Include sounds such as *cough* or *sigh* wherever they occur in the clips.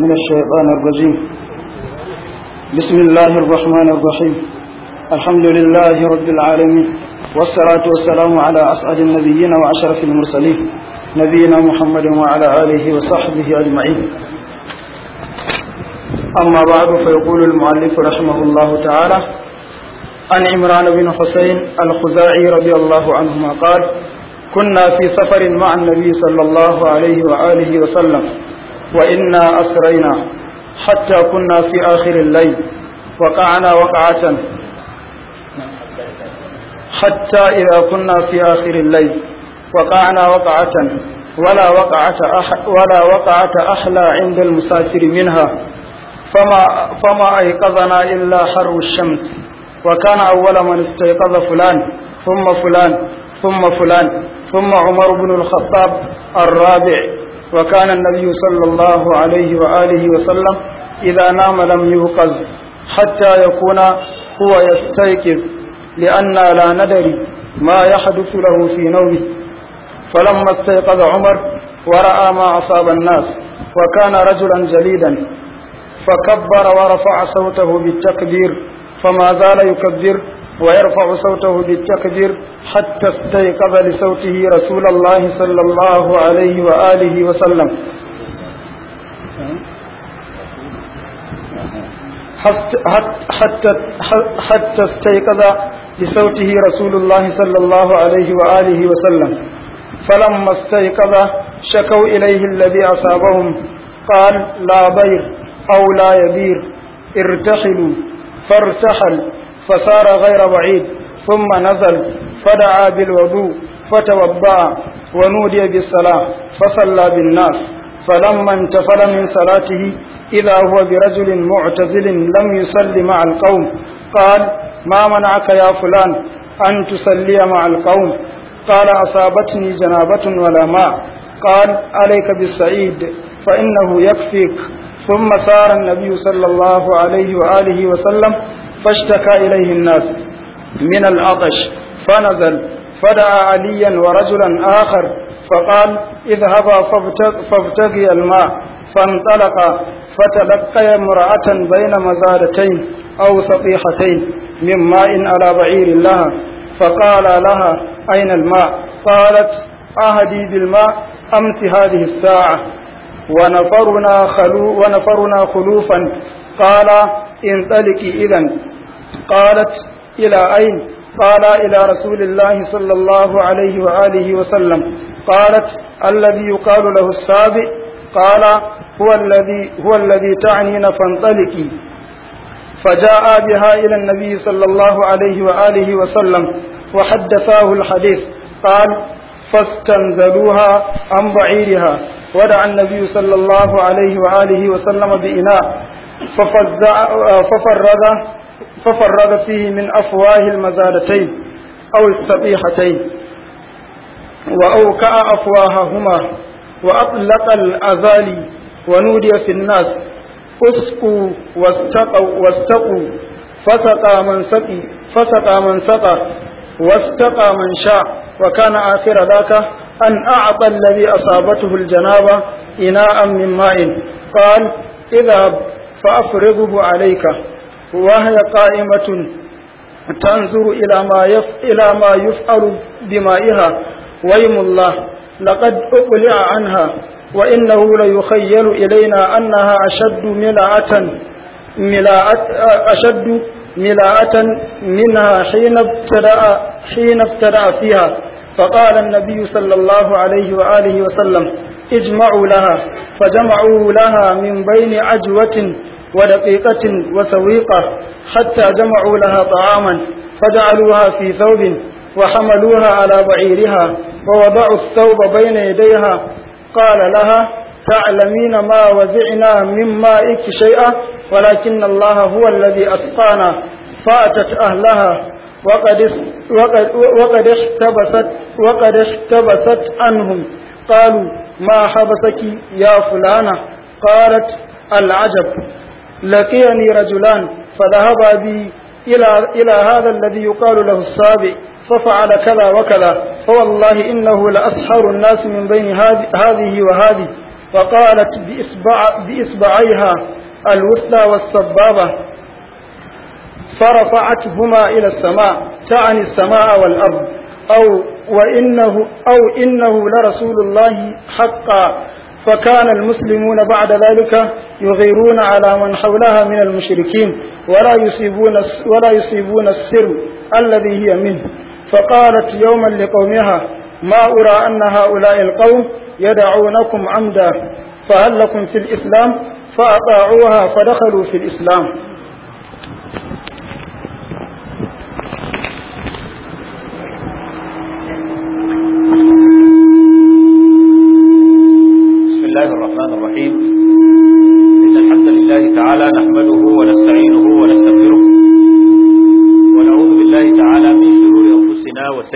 من الشيطان الرجيم بسم الله الرحمن الرحيم الحمد لله رب العالمين والصلاة والسلام على أسعد النبيين وأشرف المرسلين نبينا محمد وعلى آله وصحبه أجمعين أما بعد فيقول المؤلف رحمه الله تعالى عن عمران بن حسين الخزاعي رضي الله عنهما قال كنا في سفر مع النبي صلى الله عليه وآله وسلم وإنا أسرينا حتى كنا في آخر الليل وقعنا وقعة حتى إذا كنا في آخر الليل وقعنا وقعة ولا وقعة ولا وقعة أحلى عند المسافر منها فما فما أيقظنا إلا حر الشمس وكان أول من استيقظ فلان ثم فلان ثم فلان ثم عمر بن الخطاب الرابع وكان النبي صلى الله عليه وآله وسلم إذا نام لم يوقظ حتى يكون هو يستيقظ لأننا لا ندري ما يحدث له في نومه فلما استيقظ عمر ورأى ما أصاب الناس وكان رجلا جليدا فكبر ورفع صوته بالتكبير فما زال يكبر ويرفع صوته بالتكبير حتى استيقظ لصوته رسول الله صلى الله عليه وآله وسلم حتى, حتى استيقظ لصوته رسول الله صلى الله عليه وآله وسلم فلما استيقظ شكوا إليه الذي أصابهم قال لا بير أو لا يبير ارتحلوا فارتحل فصار غير بعيد ثم نزل فدعا بالوضوء فتوضأ ونودي بالصلاة فصلى بالناس فلما انتفل من صلاته إذا هو برجل معتزل لم يصل مع القوم قال ما منعك يا فلان أن تصلي مع القوم قال أصابتني جنابة ولا ماء قال عليك بالسعيد فإنه يكفيك ثم سار النبي صلى الله عليه وآله وسلم فاشتكى إليه الناس من العطش فنزل فدعا عليا ورجلا آخر فقال اذهبا فافتقي الماء فانطلقا فتلقيا امرأة بين مزارتين أو سطيحتين من ماء على بعير لها فقال لها أين الماء قالت أهدي بالماء أمس هذه الساعة ونفرنا, خلو ونفرنا خلوفا قال انطلقي إذا قالت إلى أين قال إلى رسول الله صلى الله عليه وآله وسلم قالت الذي يقال له السابع قال هو الذي هو الذي تعنين فانطلقي فجاء بها إلى النبي صلى الله عليه وآله وسلم وحدثاه الحديث قال فاستنزلوها عن بعيرها ودعا النبي صلى الله عليه وآله وسلم بإناء ففرد ففرد فيه من أفواه المزادتين أو السبيحتين وأوكأ أفواههما وأطلق الأزالي ونودي في الناس اسقوا واستقوا واستقوا فسقى من سقي فسقى من سقى واستقى من شاء وكان آخر ذاك أن أعطى الذي أصابته الجنابة إناء من ماء قال إذا فأفرضه عليك وهي قائمة تنظر إلى ما إلى ما يفعل بدمائها ويم الله لقد أقلع عنها وإنه ليخيل إلينا أنها أشد ملاءة ملاءة أشد ملاءة منها حين ابتدأ حين ابتدأ فيها فقال النبي صلى الله عليه وآله وسلم اجمعوا لها فجمعوا لها من بين عجوة ودقيقة وسويقة حتى جمعوا لها طعاما فجعلوها في ثوب وحملوها على بعيرها ووضعوا الثوب بين يديها قال لها تعلمين ما وزعنا من مائك شيئا ولكن الله هو الذي أسقانا فأتت أهلها وقد وقد وقد احتبست وقد احتبست عنهم قالوا ما حبسك يا فلانة قالت العجب لقيني رجلان فذهب بي إلى, إلى هذا الذي يقال له السابع ففعل كذا وكذا فوالله إنه لأسحر الناس من بين هذه وهذه فقالت بإصبع بإصبعيها الوسطى والسبابة فرفعتهما إلى السماء تعني السماء والأرض أو وإنه أو إنه لرسول الله حقا فكان المسلمون بعد ذلك يغيرون على من حولها من المشركين ولا يصيبون, ولا يصيبون السر الذي هي منه فقالت يوما لقومها ما أرى أن هؤلاء القوم يدعونكم عمدا فهل لكم في الإسلام فأطاعوها فدخلوا في الإسلام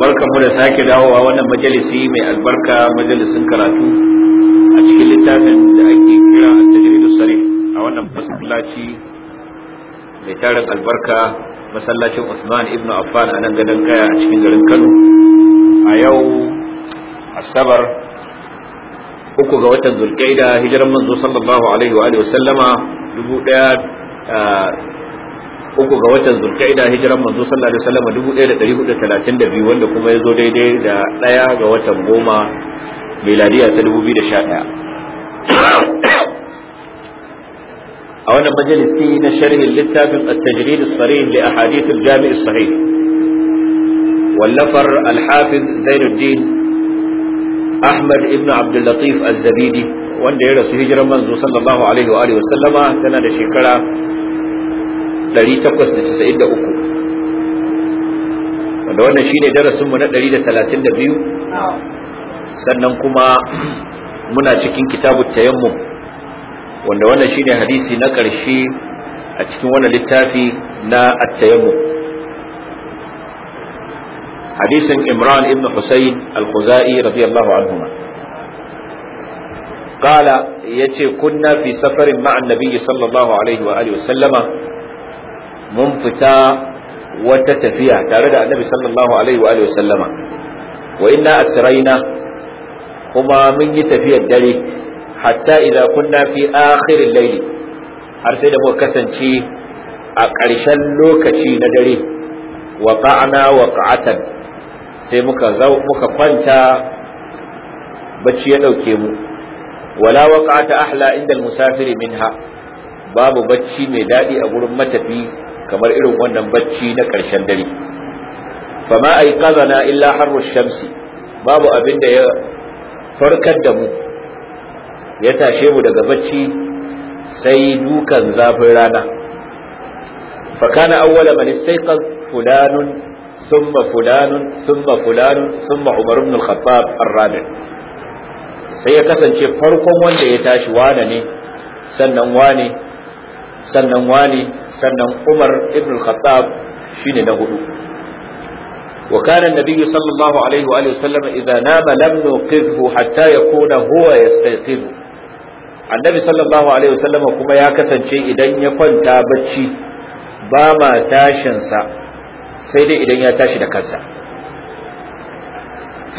barkanmu da sake dawowa wannan majalisi mai albarka majalisin karatu a cikin littafin da ake kira tajridu sarih a wannan masallaci mai tarin albarka masallacin Usman ibn Affan a nan gadon kaya a cikin garin Kano a yau asabar uku ga watan zulkaida hijiran manzo sallallahu alaihi wa sallama dubu daya ah, uku ga watan zulkaida hijiran manzo sallallahu alaihi wasallam 1432 wanda kuma ya zo daidai da daya ga watan goma miladiya ta 2011 a wannan majalisi na sharhin littafin at-tajrid as-sarih li ahadith al-jami' as-sahih wallafar al-hafiz Zainuddin Ahmad ibn Abdul Latif az-Zabidi wanda ya rasu hijiran manzo sallallahu alaihi wa alihi Sallama, tana da shekara 1893 wanda wannan shine darasin mu na 132 sannan kuma *clears throat* muna cikin kitabut tayammum wanda wannan shine hadisi na ƙarshe a cikin wannan littafi na at-tayammum hadisin Imran ibn Husayn al-Khuzai radiyallahu anhuma قال يتي كنا في سفر مع النبي صلى الله عليه وآله وسلم mun fita wata tafiya tare da annabi sallallahu alaihi wa alihi sallama wa inna asraina kuma mun yi tafiyar dare hatta idza kunna fi akhirin al har sai da muka kasance a ƙarshen lokaci na dare wa qa'na wa qa'atan sai muka zau muka kwanta bacci ya dauke mu wala waqa'ata ahla inda al-musafiri minha babu bacci mai dadi a gurin matafi kamar irin wannan bacci na ƙarshen dare fama aiqazana illa harru shamsi babu abin da ya farkar da mu ya tashe mu daga bacci sai dukan zafin rana fa kana awwala man istayqaz fulanun thumma fulanun thumma fulanun thumma umar ibn al-khattab ar-rabi sai ya kasance farkon wanda ya tashi wane ne sannan wane sannan wani sannan umar ibn khattab shine na hudu wa kana an sallallahu alaihi wa sallam idza nama lam nuqidhu hatta yakuna huwa yastayqiz annabi sallallahu alaihi wa sallam kuma ya kasance idan ya kwanta bacci ba ma tashin sa sai dai idan ya tashi da kansa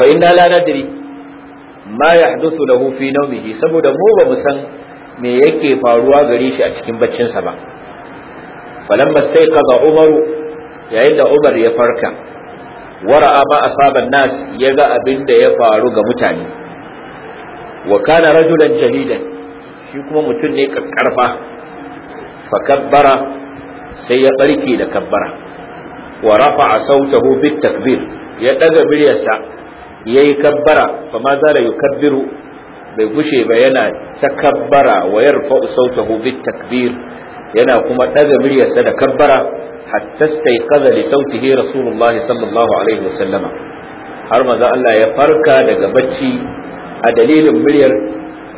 fa inna la nadri ma yahduthu lahu fi nawmihi saboda mu ba mu san me yake faruwa gare shi a cikin baccinsa ba sai staiqaza umaru yayin da umar ya farka wara'a ma asaban nas ya ga abin da ya faru ga mutane wa kana rajulan jahilan shi kuma mutum ne kakkarfa fa kabbara sai ya barke da kabbara wa a sautahu bit takbir ya daga ya yayi kabbara fa ma zara yukabbiru bai gushe ba yana takabbara wa yarfa'u sautahu bit takbir yana kuma daga muryarsa da kabbara hatta staiqaza li sautihi rasulullah sallallahu alaihi wasallam har maza Allah ya farka daga bacci a dalilin muryar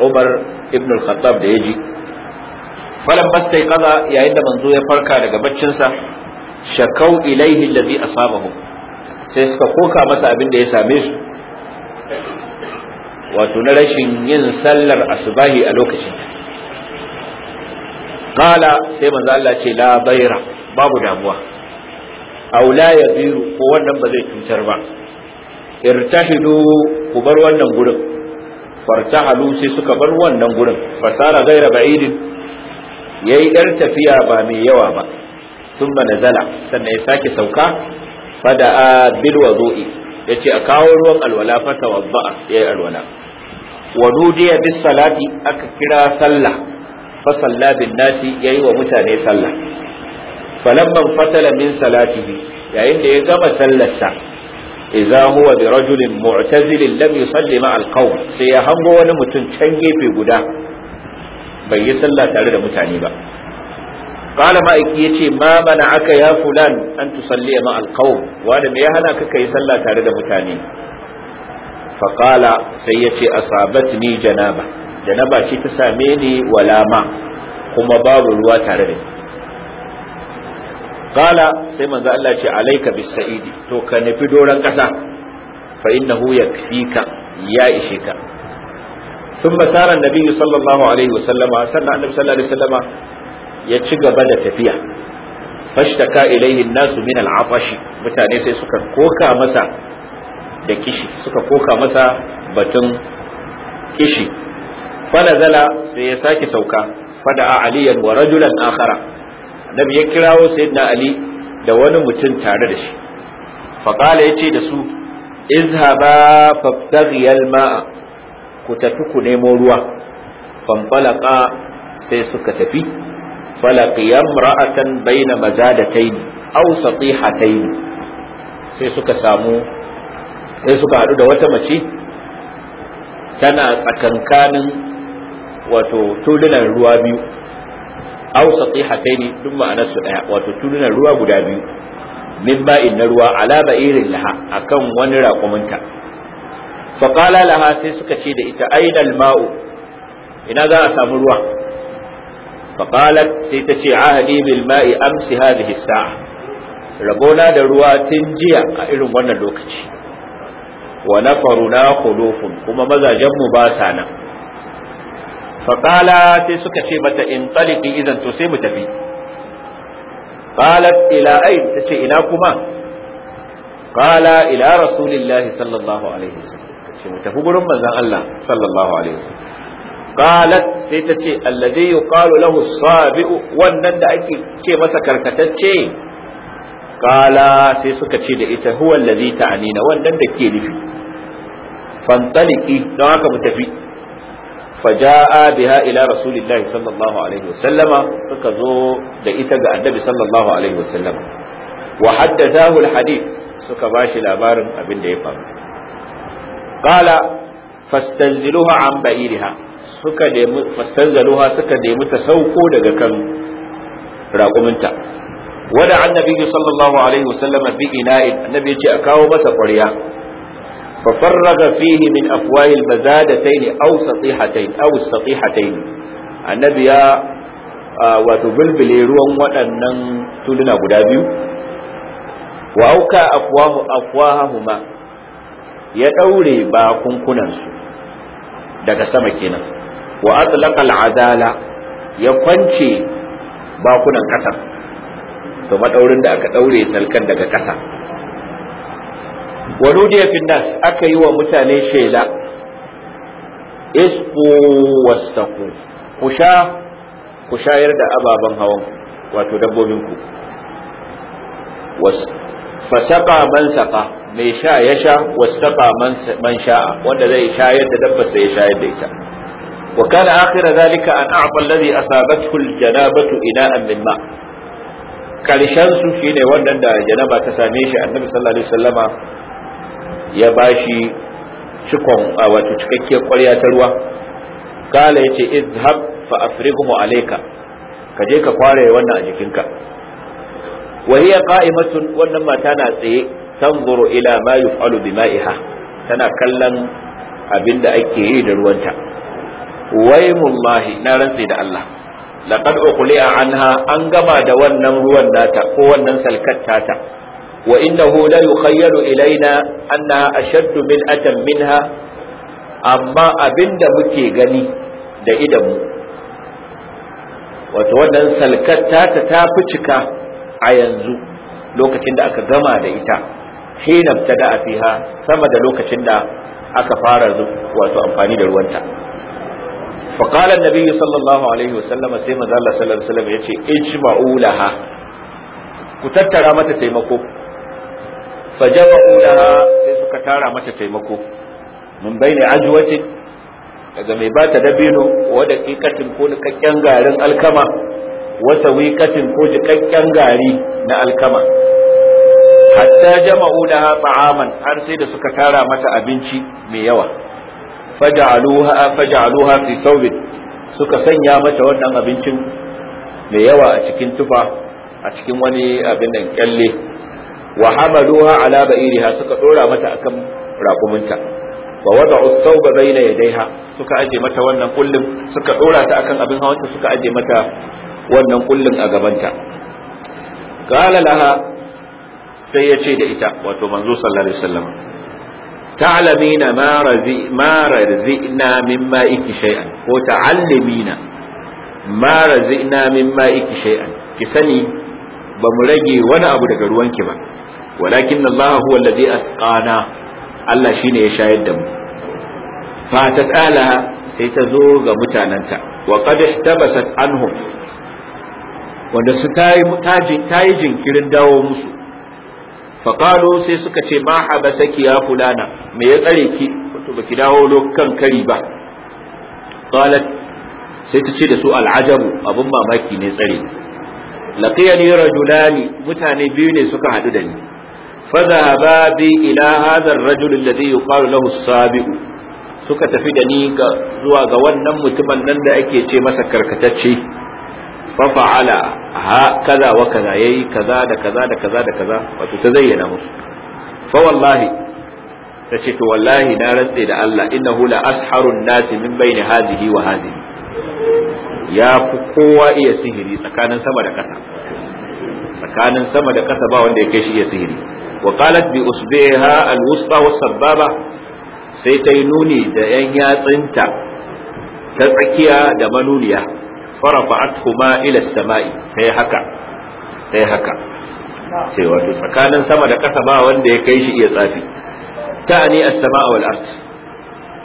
Umar ibn al-Khattab da yaji falan bastaiqaza yayin da manzo ya farka daga baccinsa shakau ilaihi allazi asabahu sai suka koka masa abin da ya same su wato na rashin yin sallar asubahi a lokacin Kala sai manzo Allah ce la baira babu damuwa aw la yabiru ko wannan ba zai cutar ba irtahidu ku bar wannan gurin fartahalu sai suka bar wannan gurin fasara gaira ba'idin yayi dar tafiya ba mai yawa ba thumma nazala sannan ya sake sauka fada bil wudu'i yace a kawo ruwan alwala fa tawadda'a yayi alwala wa nudiya bis salati aka kira sallah fa salla bin nasi yayi wa mutane sallah falamman fatala min salatihi yayin da ya gama sallarsa idza huwa bi rajulin mu'tazilin lam yusalli ma alqawm sai ya hango wani mutum can gefe guda bai yi sallah tare da mutane ba قال مالك يتي ما منعك يا فلان أن تصلي me ya hana ما يهلك sallah tare da mutane? faƙala sai ya ce asabat ni janaba janaba ce ta same ni walama kuma babu ruwa tare da ƙala sai manzo Allah ce alaika bis sa'idi to ka nufi doron ƙasa fa innahu yakfika ya ishe ka sun basaran nabi sallallahu alaihi wasallama sannan annabi sallallahu alaihi wasallama ya ci gaba da tafiya fashtaka ilaihi nasu min al mutane sai suka koka masa da kishi suka koka masa batun kishi zala sai ya sake sauka a aliyan wa rajulan akhara nabi ya kirawo sayyidina ali da wani mutum tare da shi ya yace da su izhaba fabtaghiyal ma'a ku tafi ku nemo ruwa fanfalaka sai suka tafi falaqiyam ra'atan baina mazadatayn aw satihatayn sai suka samu sai suka haɗu da wata mace tana tsakankanin wato tulunan ruwa biyu ausa hatai ne duk su ɗaya wato tulunan ruwa guda biyu min ba'in na ruwa ala ba'irin laha akan wani raƙuminta faƙala laha sai suka ce da ita ainal ma'u ina za a samu ruwa qalat sai ta ce ahadi bil ma'i amsi hadhihi sa'a rabona da ruwa tun jiya a irin wannan lokaci wa na khulufun kuma mazajen mu ba sa nan faqala sai suka ce mata in taliqi idan to sai mu tafi qalat ila ayn tace ina kuma qala ila rasulillahi sallallahu alaihi wasallam tace mu tafi gurin manzon Allah sallallahu alaihi wasallam qalat sai tace alladhi yuqalu lahu as-sabi'u wannan da ake ce masa karkatacce qala sai suka ce da ita huwa allazi ta'anina wannan da ke nufi fantaliki don haka mu tafi faja'a biha ila rasulillahi sallallahu alaihi wa sallama suka zo da ita ga annabi sallallahu alaihi wasallama wa haddathahu alhadith suka bashi labarin abin da ya faru qala fastanziluha an ba'iriha suka nemi fastanzaluha suka nemi ta sauko daga kan raƙuminta wada annabi sallallahu alaihi wasallam bi ina'in annabi ce a kawo masa ƙwarya fa farraga fihi min afwahi almazadatayn aw satihatayn aw satihatayn annabi ya wato bilbile ruwan waɗannan tuluna guda biyu wa auka afwahu ya ɗaure ba daga sama kenan wa atlaqa al'azala ya kwance bakunan ƙasar to maɗaurin da aka daure salkan daga ƙasa wanudiya finnas aka yi wa mutane shela isku wastaku ku sha ku shayar da ababen hawan wato dabbobinku fasaka man saka mai sha ya sha wastaqa man sha'a wanda zai shayar da dabba sai ya shayar da ita wa kana akhira zalika an a'ta alladhi asabathu aljanabatu ina'an min ma' karshen su shine wannan da janaba ta same shi annabi sallallahu alaihi wasallama ya bashi cikon a wato cikakkiyar ƙwarya ta ruwa kala yace izhab fa afrighu alayka ka je ka kware wannan a jikinka wa hiya qa'imatun wannan mata na tsaye tanzuru ila ma yuf'alu bima'iha tana kallon abinda ake yi da ruwanta waymullahi na rantsi da Allah laqad uqli'a anha an gama da wannan ruwan nata ko wannan salkat tata wa innahu la yukhayyalu ilaina annaha ashaddu min atan minha amma abinda muke gani da idanmu wato wannan salkatta tata ta fi cika a yanzu lokacin da aka gama da ita hina tada fiha sama da lokacin da aka fara wato amfani da ruwanta فقال النبي صلى الله sallallahu alaihi wasallam sai manzo صلى الله عليه wasallam yace ijma'u laha ku tattara mata taimako fa jawa'u laha sai suka tara mata taimako min baini daga mai bata dabino wa katin ko nikakken garin alkama wa katin ko jikakken gari na alkama hatta jama'u ta'aman har sai da suka tara mata abinci mai yawa faj'aluha faj'aluha fi thawbin suka sanya mata wannan abincin mai yawa a cikin tufa a cikin wani abin nan kyalle wa hamaluha ala ba'iriha suka dora mata akan rakumunta wa wada'u sawba bayna yadayha suka aje mata wannan kullum suka dora ta akan abin hawanta suka aje mata wannan kullum a gabanta qala laha sai ya ce da ita wato manzo sallallahu alaihi wasallam ta'lamina ma razi ma razina ko ta'allimina ma razina mimma ki sani bamu rage wani abu daga ruwanki ba walakin Allah huwa alladhi asqana Allah shine ya shayar da mu fa ta sai ta zo ga mutanenta. wa qad ihtabasat anhum wanda su tayi taji tayi jinkirin dawo musu faƙalo sai suka ce ma saki ya fulana me ya tsare ki wato baki dawo lokan kari ba qalat sai ta ce da su al'ajabu abun mamaki ne tsare laqiyani rajulani mutane biyu ne suka hadu da ni ba bi ila hadha ar-rajul alladhi yuqalu lahu as-sabi'u suka tafi da ni zuwa ga wannan mutumin nan da ake ce masa karkatacce fa fa'ala ha kaza wa kaza kaza da kaza da kaza da kaza wato ta zayyana musu fa wallahi tace to wallahi na rantse da Allah in na hula asharun nasi min baini hadhihi wa hadhihi ya fi kowa iya sihiri tsakanin sama da ƙasa tsakanin sama da ƙasa ba wanda ya kai shi iya sihiri wa qalat bi usbiha alwusta was sai ta yi nuni da yan yatsinta ta tsakiya da manuniya farafa'atuhuma ila samai kai haka kai haka sai wato tsakanin sama da ƙasa ba wanda ya kai shi iya tsafi ta'ani as-sama wal ard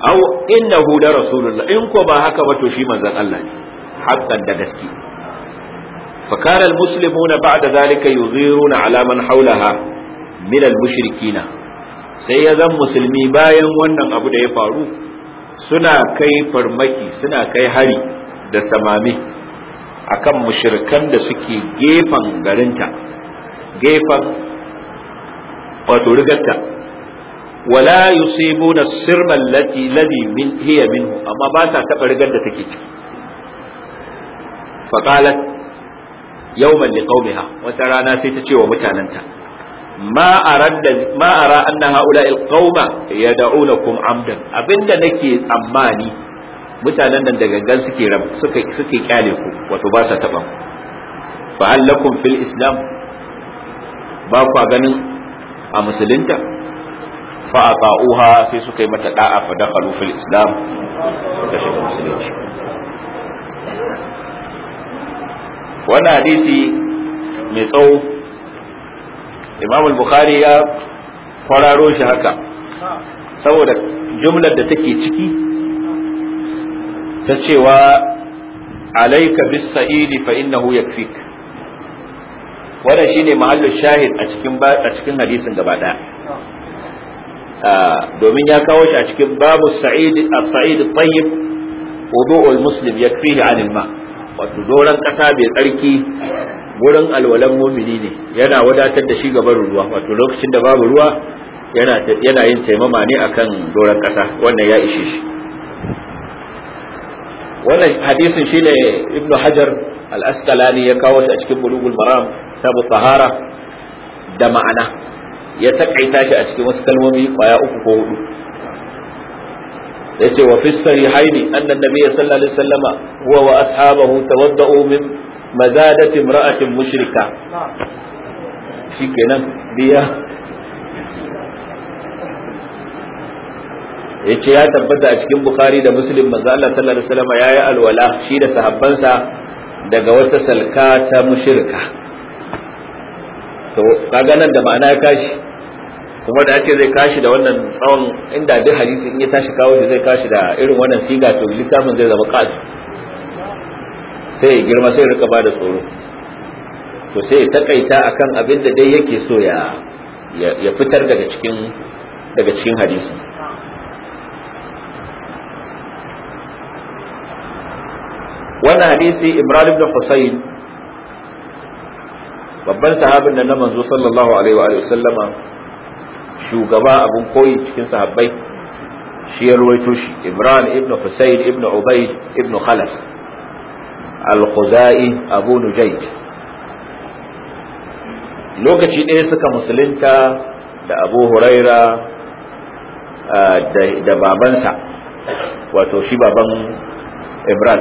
aw innahu la rasulullah in ko ba haka ba to shi manzon Allah ne haqqan da gaske fa kana al-muslimuna ba'da zalika yuziruna ala man hawlaha min mushrikina sai ya zan musulmi bayan wannan abu da ya faru suna kai farmaki suna kai hari da samami akan mushirkan da suke gefen garinta gefen wato rigarta wala yusibuna sirma allati ladi min hiya minhu amma ba ta taba rigar da take ciki fa qalat yawman liqaumiha wata rana sai ta ce wa mutananta ma a ma ara anna haula alqauma yad'unakum amdan abinda nake tsammani mutanen nan da gangan suke rab suka suke kyale ku wato ba sa taba fa allakum fil islam ba ku ganin a musulunta fa ata'uha sai suka yi mata da'a fa dakhalu fil islam da shi musulunci wannan hadisi mai tsawo imam al-bukhari ya kwararo shi haka saboda jumlar da take ciki ta cewa alaika bis sa'idi fa innahu yakfik wannan shine mahallu shahid a cikin a cikin hadisin gaba daya domin ya kawo shi a cikin babu sa'id as-sa'id tayyib wudu al-muslim yakfihi 'an al-ma wato doran kasa bai tsarki gurin alwalan mumini ne yana wadatar da shi gaban ruwa wato lokacin da babu ruwa yana yana yin taimama ne akan doran kasa wannan ya ishe shi wannan hadisin shine ibn hajar al-asqalani ya kawo shi a cikin bulugul maram sabu tahara da ma'ana ya takaita shi a cikin wasu kalmomi kwaya uku ko hudu yace wa fi sahihaini anna nabiyya sallallahu alaihi wasallama huwa wa ashabahu tawadda'u min mazadati imra'atin mushrika shikenan biya yace ya tabbata a cikin bukhari da muslim manzo Allah sallallahu alaihi wasallam yayi alwala shi da sahabbansa daga wata salka ta mushrika to kaga nan da ma'ana ya kashi kuma da ake zai kashi da wannan tsawon inda duk hadisi in ya tashi kawo da zai kashi da irin wannan siga to littafin zai zama qad sai ya girma sai rika rika bada tsoro to sai ya takaita akan abin da dai yake so ya ya fitar daga cikin daga cikin hadisi wannan hadisi imran ibn husayn babban sahabin nan na manzo sallallahu alaihi wa sallama shugaba abun koyi cikin sahabbai shi ya ruwaito shi imran ibn husayn ibn ubayd ibn khalaf al-khuzai abu Nujaid, lokaci ɗaya suka musulunta da abu huraira eh, da babansa wato shi baban imran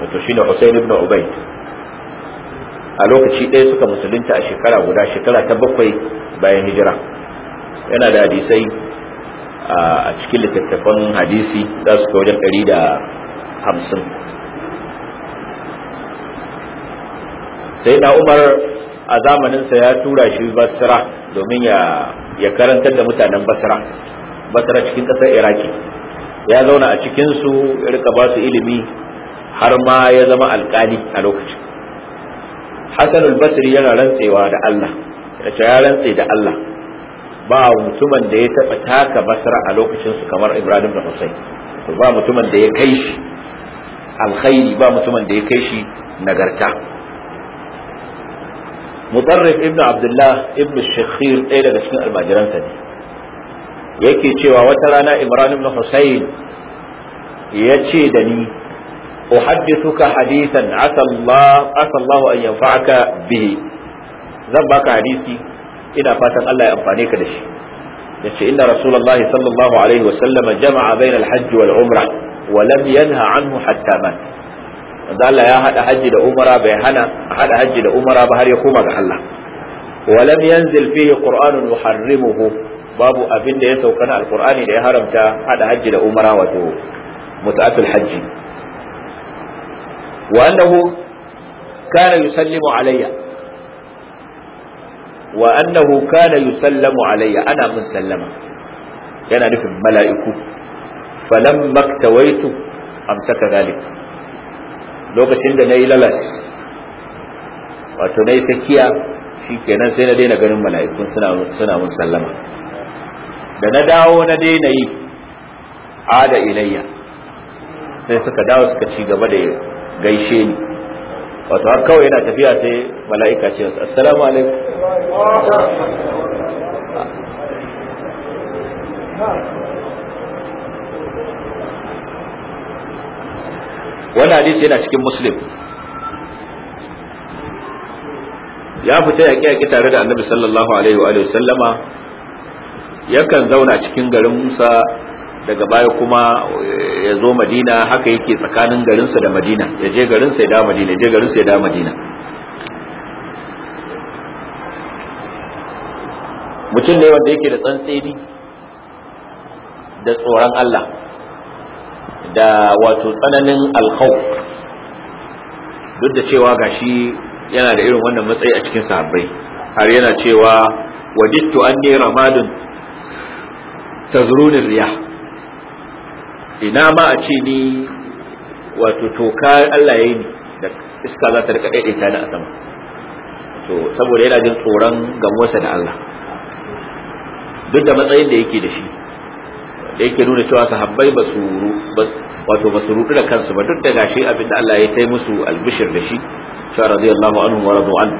wato shine Hussein ibn Ubayd a lokaci ɗaya suka musulunta a shekara guda shekara ta bakwai bayan hijira yana da hadisai a cikin littattafan hadisi za su kai wajen ɗari da hamsin sai na umar a sa ya tura shi basra domin ya karantar da mutanen basra basra cikin ƙasar iraki ya zauna a cikinsu ya rika ba su ilimi har ma ya zama alkali a lokacin Hassan al-Basri yana rantsewa da Allah ya ce ya rantse da Allah ba mutumin da ya taba taka Basra a lokacin su kamar Ibrahim da Hussein to ba mutumin da ya kai shi alkhairi ba mutumin da ya kai shi nagarta Mutarrif ibnu Abdullah ibnu Shakhir ɗaya daga cikin almajiransa ne yake cewa wata rana Ibrahim da Hussein ya ce da ni uhaddithuka hadithan asa Allah asa Allah an bihi zan baka hadisi ina fatan Allah ya amfane ka da shi yace inna rasulullahi sallallahu alaihi wa jama'a bainal hajj wal umra wa lam yanha anhu hatta mat manzo Allah ya hada haji da umra bai hana hada da umra ba har ya kuma ga Allah wa lam yanzil fihi qur'anun babu abinda ya saukana alkur'ani da ya haramta hada hajji da umra wato mut'atul hajji wa annahu kana yusallimu alayya wa annahu kana yusallamu alayya ana mun sallama yana nufin mala'iku falam maktawaitu amsaka zalik lokacin da nayi lalas wato nayi sakiya shikenan sai na daina ganin mala'ikun suna suna mun sallama da na dawo na daina yi ada ilayya sai suka dawo suka ci gaba da gaishe ni wato har kawai yana tafiya sai mala'ika ce assalamu alaikum wani hadisi yana cikin muslim ya fita yaƙi yaƙi tare da annabi sallallahu alaihi wa sallama yakan zauna cikin garin musa daga baya kuma eh, ya zo madina haka yake tsakanin garinsa da madina ya je garinsa ya da madina ya je garinsa ya da madina mutum ne wanda yake da tsantseni da tsoron Allah da wato tsananin alkhawf duk da cewa gashi yana da irin wannan matsayi a cikin sahabbai har yana cewa wadittu anni ramadun tazrunir riyah ina ma a ce ni wato toka Allah ya yi ni da iska za ta rika daidaita ni a sama to saboda yana jin tsoron gamuwarsa da Allah duk da matsayin da yake da shi da yake nuna cewa sahabbai ba su wato ba su rudu da kansu ba duk da gashi abin da Allah ya tai musu albishir da shi cewa radiyallahu anhu wa radu an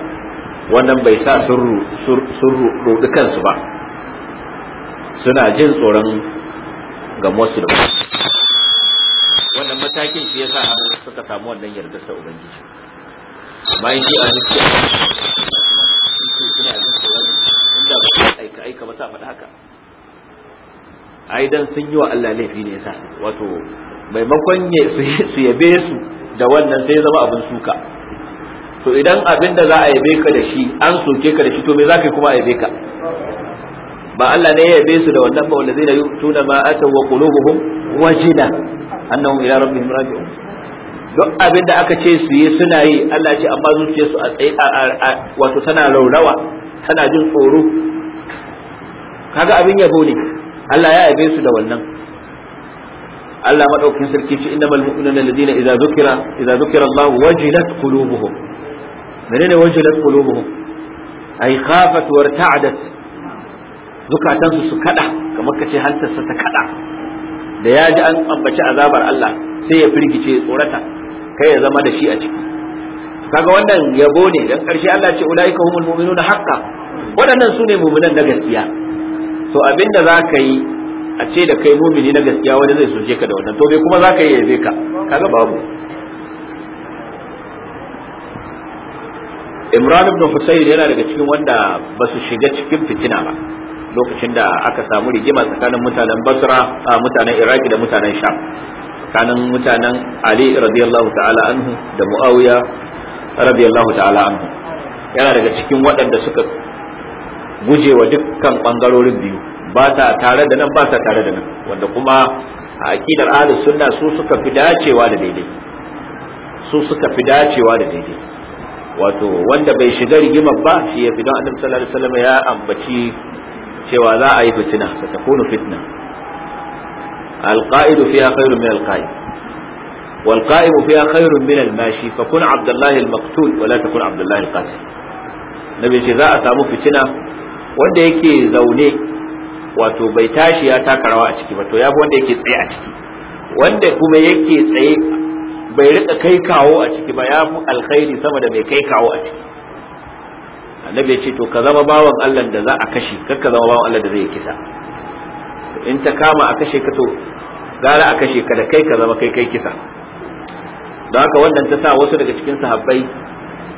wannan bai sa sun rudu kansu ba suna jin tsoron gamuwarsu da wasu takin shi ya sa yasa suka samu wannan yardar ta ubangiji bayan shi a zuciya suna jin tsoron inda ba su aika aika ba sa faɗa haka ai dan sun yi wa Allah laifi ne yasa wato maimakon su yabe su da wannan sai zama abin suka to idan abin da za a yabe ka da shi an soke ka da shi to me za ka kuma a yabe ka ba Allah ne ya yabe su da wannan ba wallazina yu'tuna ma ataw wa qulubuhum wajila annahum ila rabbihim raji'un duk abin da aka ce su yi suna yi Allah ce amma zuciyar su a tsaye wato tana raurawa tana jin tsoro kaga abin yabo ne Allah ya yabe su da wannan Allah madaukakin sarki ce innamal mu'minuna alladhina idza zukira idza zukira Allah wajilat qulubuhum menene wajilat qulubuhum ay khafat warta'adat zukatansu su kada kamar kace ce hantarsa ta kada da ya ji an ambaci azabar Allah sai ya firgice tsorata kai ya zama da shi a ciki kaga wannan yabo ne dan karshe Allah ce ulaika humul mu'minuna haqqan waɗannan su ne mu'minan na gaskiya to abinda za ka yi a ce da kai mu'mini na gaskiya wani zai soke ka da wannan to bai kuma za ka yi yabe ka kaga babu Imran ibn Husayn yana daga cikin wanda ba su shiga cikin fitina ba lokacin da aka samu rigima tsakanin mutanen basra mutanen iraki da mutanen sham tsakanin mutanen ali radiyallahu ta'ala anhu da muawiya radiyallahu ta'ala anhu yana daga cikin waɗanda suka guje wa dukkan ɓangarorin biyu ba ta tare da nan ba ta tare da nan wanda kuma a aƙidar ahlus sunna su suka fi dacewa da daidai su suka fi dacewa da daidai wato wanda bai shiga rigimar ba shi ya fi don annabi sallallahu alaihi wasallam ya ambaci cewa za a yi fitina satakunu fitna alqa'idu fiha khairun min alqa'id wal qa'imu fiha khairun min almashi fa abdullahi almaqtul wa la takun abdullahi alqatil nabi ce za a samu fitina wanda yake zaune wato bai tashi ya taka rawa a ciki ba to yafi wanda yake tsaye a ciki wanda kuma yake tsaye bai rika kai kawo a ciki ba fi alkhairi sama da mai kai kawo a ciki annabi ya ce to ka zama bawan Allah da za a kashe kar ka zama bawan Allah da zai kisa in ta kama a kashe ka to gara a kashe ka da kai ka zama kai kai kisa don haka wannan ta sa wasu daga cikin sahabbai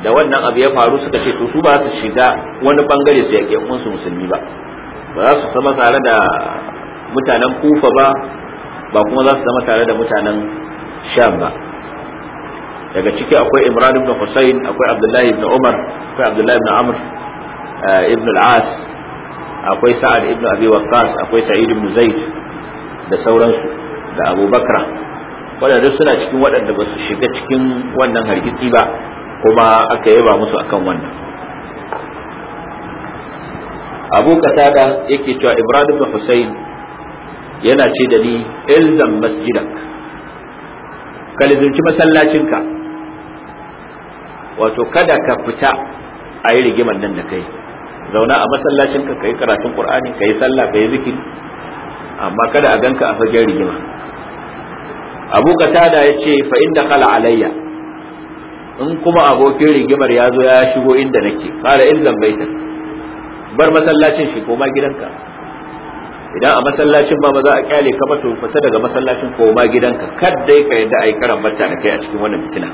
da wannan abu ya faru suka ce to su ba su shiga wani bangare su yaƙi su musulmi ba ba za su sama tare da mutanen kufa ba ba kuma za su zama tare da mutanen sham ba daga ciki akwai imran ibn husayn akwai abdullahi ibn umar akwai abdullahi ibn amr eh, ibn al-as akwai sa'ad ibn abi waqqas akwai sa'id ibn zaid da sauransu da abu Bakra. waɗanda suna cikin waɗanda ba su shiga cikin wannan hargitsi ba kuma aka yaba musu akan wannan abu katada yake cewa ibrahim ibn husayn yana ce da ni ilzam masjidak ka masallacin masallacinka wato kada ka fita a yi rigimar nan da kai zauna a masallacin ka kai karatun qur'ani kai sallah kai zikiri amma kada a ganka a fagen rigima abu katada ce, fa inda kala alayya in kuma abokin rigimar ya zo ya shigo inda nake kara in baita bar masallacin shi koma gidanka idan a masallacin ba ba za a kyale ka ba fita daga masallacin koma gidanka dai ka yadda ai karan mata da kai a cikin wannan fitina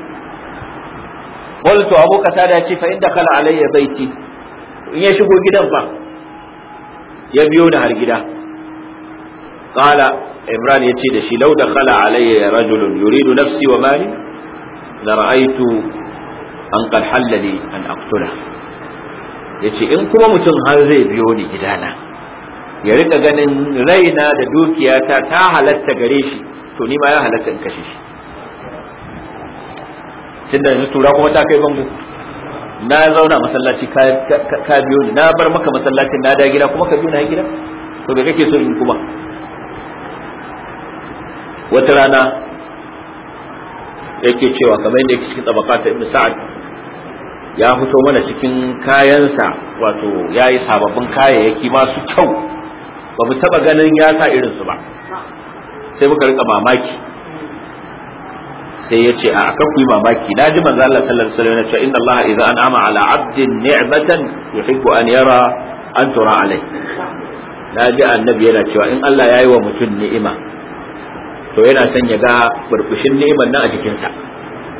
wanda to abu kasada ce fa inda kala alayya baiti in ya shigo gidan fa ya biyo ni har gida qala imran yace da shi law kala alayya rajulun yuridu nafsi wa mali la ra'aytu an qad halali an aqtula yace in kuma mutum har zai biyo ni gidana ya rika ganin raina da dukiyata ta halatta gare shi to ni ma ya halatta in kashe shi tunda yanzu tura kuma ta kai bango na zauna masallaci ka biyo ni na bar maka masallacin na da gida kuma ka biyo na gida to ga kake so in kuma wata rana yake cewa kamar yadda yake cikin ta ibn sa'ad ya fito mana cikin kayansa wato ya yi sababbin kayayyaki masu kyau ba mu taba ganin ya sa irinsu ba sai muka rika mamaki sai ya ce a kan ku yi mamaki na ji manzo Allah sallallahu alaihi wasallam ya ce inna Allah idza an'ama ala 'abdin ni'matan yuhibbu an yara an tura alai na ji annabi yana cewa in Allah ya yi wa mutum ni'ima to yana son ya ga burbushin ni'imar nan a jikinsa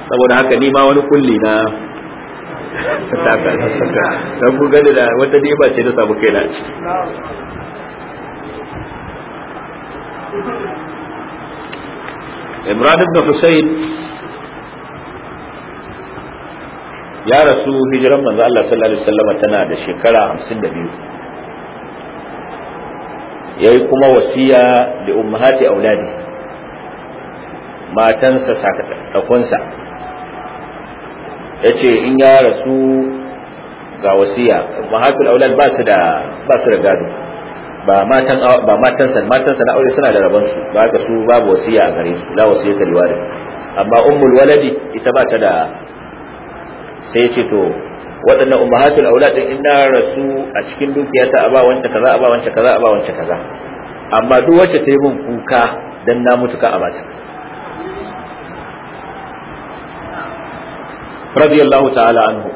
saboda haka ni ma wani kulli na *laughs* dan ku gani da wata ni'ima ce ta samu na ci imran ibn husayn ya rasu hijiran manzo Allah sallallahu alaihi wasallam tana da shekara 52 yayi kuma wasiya da ummahati auladi matansa sakatakunsa yace in ya rasu ga wasiya ummahati aulad ba su da ba su da gado ba matan ba matan san matan san aure suna da rabon su ba ka su babu wasiya a gare su la ta liwari amma ummul waladi ita ba ta da sai ce to waɗannan ummahatul aulad din inda rasu a cikin dukiya ta aba wanda kaza aba wanda kaza aba wanda kaza amma duk wacce ta yi mun kuka dan na mutuka a bata radiyallahu ta'ala anhu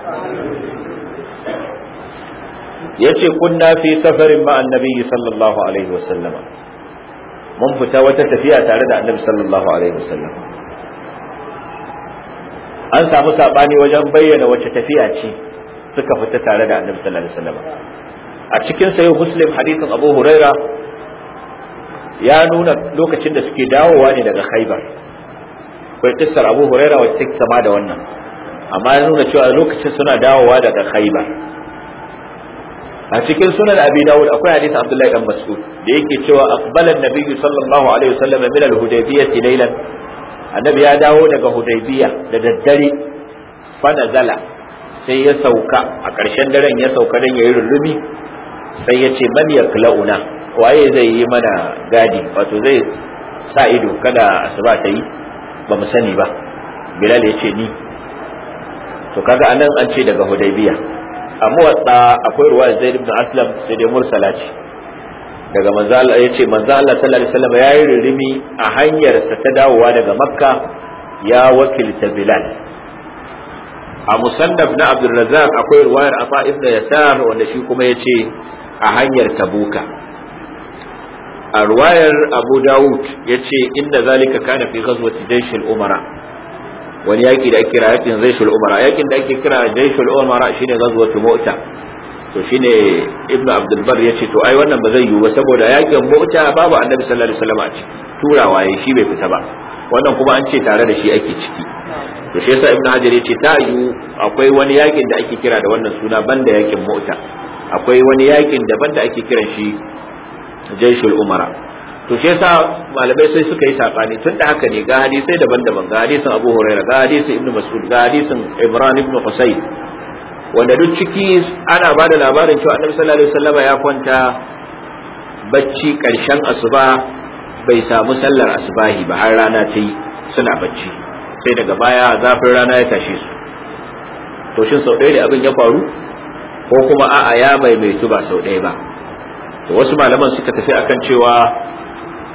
yace kunna fi safarin ma annabi sallallahu alaihi wasallam mun fita wata tafiya tare da annabi sallallahu alaihi wasallam an samu sabani wajen bayyana wacce tafiya ce suka fita tare da annabi sallallahu alaihi wasallam a cikin sayo muslim hadithin abu huraira ya nuna lokacin da suke dawowa ne daga khaibar akwai kissar abu huraira wacce take sama da wannan amma ya nuna cewa lokacin suna dawowa daga khaibar a cikin sunan abi dawud akwai hadisi abdullahi dan mas'ud da yake cewa aqbala an-nabi sallallahu alaihi wasallam min al-hudaybiyah laylan annabi ya dawo daga hudaybiya da daddare fa nazala sai ya sauka a ƙarshen daren ya sauka dan yayi rulumi sai ya ce man yaklauna waye zai yi mana gadi wato zai sa ido kada asuba ta yi ba mu sani ba bilal ya ce ni to kaga anan an ce daga hudaybiya a muwatsa akwai ruwa zai ibn aslam sai dai mursala ce daga manzala Allah yace manzala sallallahu alaihi wasallam yayi ririmi a hanyar sa ta dawowa daga makka ya wakilta bilal a musannaf na abdul akwai ruwayar afa ibn yasar wanda shi kuma yace a hanyar tabuka a ruwayar abu dawud yace inda zalika kana fi ghazwati jaysh al-umara wani yaki da ake kira yakin zaishul umara yakin da ake kira zaishul umara shine ghazwatul mu'ta to shine ibnu abdul bar yace to ai wannan ba zai yiwu ba saboda yakin mu'ta babu annabi sallallahu alaihi wasallam a ciki turawa yayi shi bai fita ba wannan kuma an ce tare da shi ake ciki to shi yasa ibnu hajar yace ta yiwu akwai wani yakin da ake kira da wannan suna banda yakin mu'ta akwai wani yakin da banda ake kiran shi jaishul umara to shi yasa malamai sai suka yi sabani tun da haka ne ga hadisai daban-daban ga hadisin Abu Hurairah ga hadisin Ibn Mas'ud ga hadisin Ibrahim Ibn Husayn wanda duk ciki ana bada labarin cewa Annabi sallallahu alaihi wasallam ya kwanta bacci karshen asuba bai samu sallar asubahi ba har rana ta yi suna bacci sai daga baya zafin rana ya tashe su to shin sau ɗaya da abin ya faru ko kuma a'a ya maimaitu ba sau ɗaya ba wasu malaman suka tafi akan cewa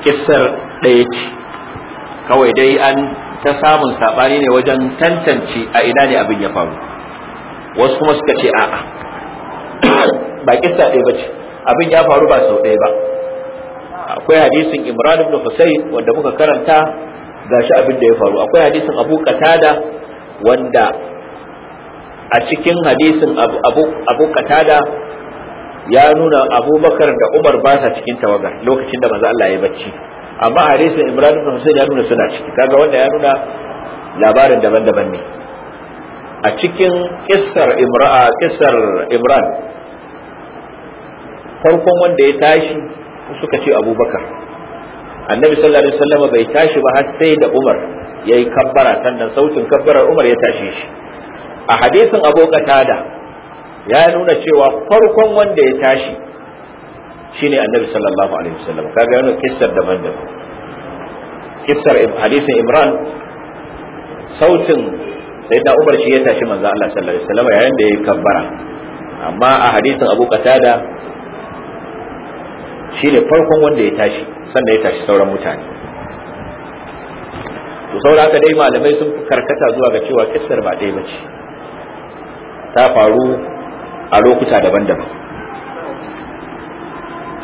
kissar ɗaya ce kawai dai an ta samun saɓani ne wajen tantance a ina ne abin ya faru wasu kuma suka ce a'a ba kissa ɗaya ba ce abin ya faru ba sau ɗaya ba akwai hadisin imran ibn husayn wanda muka karanta gashi abin da ya faru akwai hadisin abu qatada wanda a cikin hadisin abu qatada ya nuna abubakar da umar ba sa cikin tawagar lokacin da manzo Allah ya bacci amma hadisin imran ibn husayn ya nuna suna ciki kaga wanda ya nuna labarin daban-daban ne a cikin kisar imra'a imran farkon wanda ya tashi suka ce abubakar annabi sallallahu alaihi wasallam bai tashi ba har sai da umar yayi kabbara sannan sautin kabbarar umar ya tashi shi a hadisin abu qatada ya nuna cewa farkon wanda ya tashi shine annabi sallallahu alaihi wasallam kaga yana kissar daban-daban kissar hadisin imran sautin sayyidina umar shi ya tashi manzo Allah sallallahu alaihi wasallam yayin da ya kabbara amma a hadisin abu qatada shine farkon wanda ya tashi sannan ya tashi sauran mutane to saboda haka dai malamai sun karkata zuwa ga cewa kissar ba ɗaya bace ta faru a lokuta daban-daban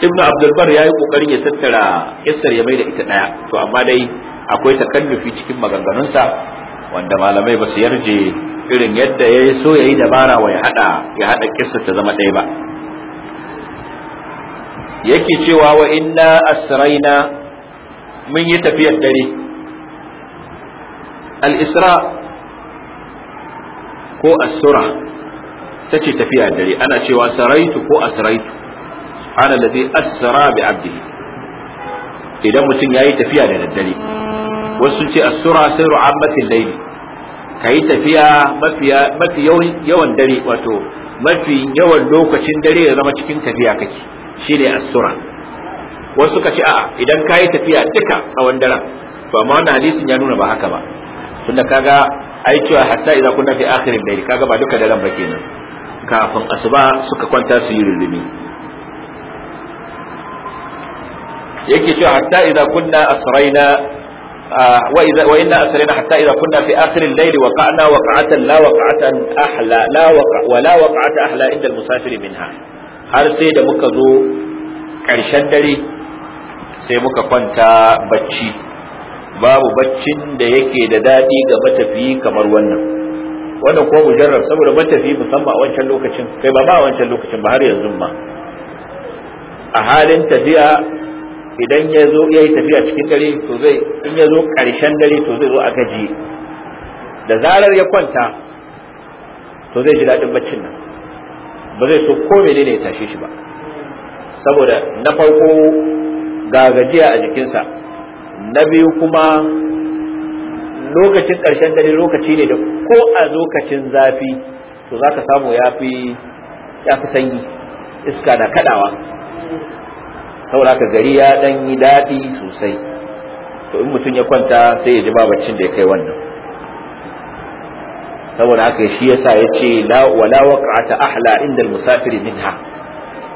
ibnu abdulbar ya yi kokarin ya tattara kissar ya mai da ita daya to amma dai akwai takallufi cikin maganganunsa wanda malamai ba su yarje irin yadda ya yi so ya yi dabara wa ya hada ya hada kissar ta zama ɗaya ba yake cewa wa inna asraina mun yi tafiyar dare al-isra ko as ce tafiya da dare ana cewa saraitu ko asraitu ana ladhi asara bi abdihi idan mutum ya yi tafiya da daddare wasu ce asura sai ru'an mafi laili Ka yi tafiya mafi yawan dare wato mafi yawan lokacin dare ya zama cikin tafiya kake ne asura wasu ka ce a'a idan ka yi tafiya duka tsawon daren to amma wannan hadisin ya nuna ba haka ba tunda kaga ai cewa hatta idan kuna fi akhirin layli kaga ba duka daren ba kenan kafin asuba suka kwanta su yi rurrumi yake cewa hatta idza kunna asraina wa idza wa inna hatta idza kunna fi akhir al-layl waqa'na waqa'atan la ahla la wa la waqa'ata ahla inda al-musafir minha har sai da muka zo karshen dare sai muka kwanta bacci babu baccin da yake da dadi ga matafiyi kamar wannan wannan ko mujarrab saboda matafi musamman a wancan lokacin kai ba ba a wancan lokacin ba har yanzu ma a halin tafiya idan ya zo ya yi tafiya cikin dare to zai in ya zo ƙarshen dare to zai zo a gaji da zarar ya kwanta to zai ji daɗin baccin nan ba zai so ko menene ya tashe shi ba saboda na farko ga gajiya a jikinsa na biyu kuma lokacin ƙarshen dare lokaci ne da ko a lokacin zafi to za ka samu ya fi sanyi iska na kadawa saboda ka gari ya ɗan yi daɗi sosai to in mutum ya kwanta sai ya ji babacin da ya kai wannan saboda haka shi yasa ya ce wala waqa'ata ahla inda al-musafir minha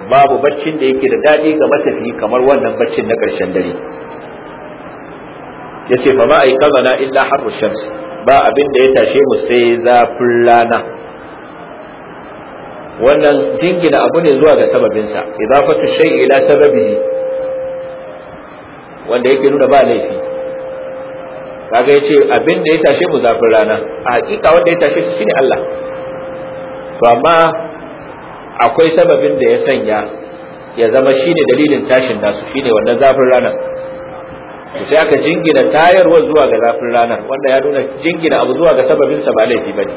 babu baccin da yake da daɗi ga matafi kamar wannan baccin na ƙarshen dare yace fa ma ayqazana illa harru shams ba abin da ya tashe mu sai zafin rana wannan jingina abu ne zuwa ga sababinsa idafatu shay ila sababi wanda yake nuna ba laifi kaga yace abin da ya tashe mu zafin rana a hakika wanda ya tashe shi shine Allah to amma akwai sababin da ya sanya ya zama shine dalilin tashin nasu shine wannan zafin rana to sai aka jingina tayarwa zuwa ga zafin ranar wanda ya nuna jingina abu zuwa ga sababin sa ba laifi bane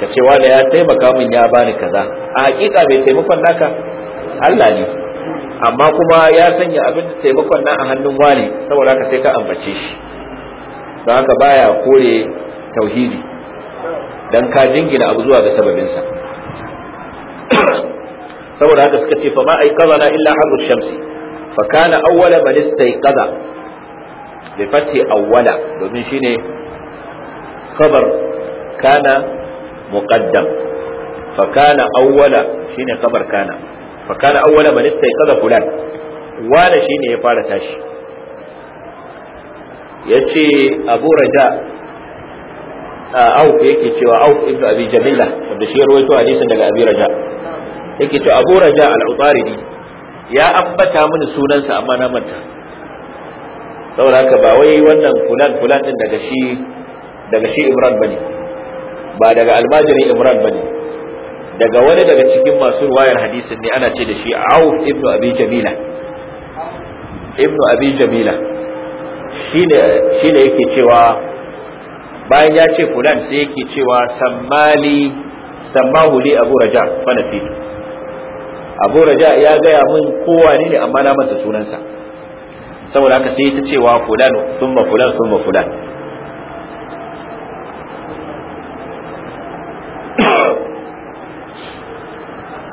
ka ce wanda ya taimaka min ya bani kaza a hakika bai taimakon naka Allah ne amma kuma ya sanya abin da taimakon na a hannun wani saboda haka sai ka ambace shi don haka baya kore tauhidi dan ka jingina abu zuwa ga sababin sa saboda haka suka ce fa ma na illa harru shamsi fa kana awwala man istayqaza bi fathi awwala domin shine khabar kana muqaddam fa kana shine khabar kana fa kana awwala man istayqadha fulan shine ya fara tashi yace abu raja auf yake cewa auf ibnu abi jamila wanda shi rawaito hadisin daga abi raja yake cewa abu raja al ya ambata mini sunansa amma saboda haka ba wai wannan fulan fulan din daga shi daga shi Imran bane ba daga almajirin Imran bane daga wani daga cikin masu ruwayar hadisin ne ana ce da shi Auf Ibnu Abi Jamila ibnu Abi Jamila shine shine yake cewa bayan ya ce fulan sai yake cewa sammali sammahu li Abu Raja fa Abu Raja ya gaya min kowa ne amma na manta sunansa saboda haka sai ta cewa fulan ba fulan ba fulan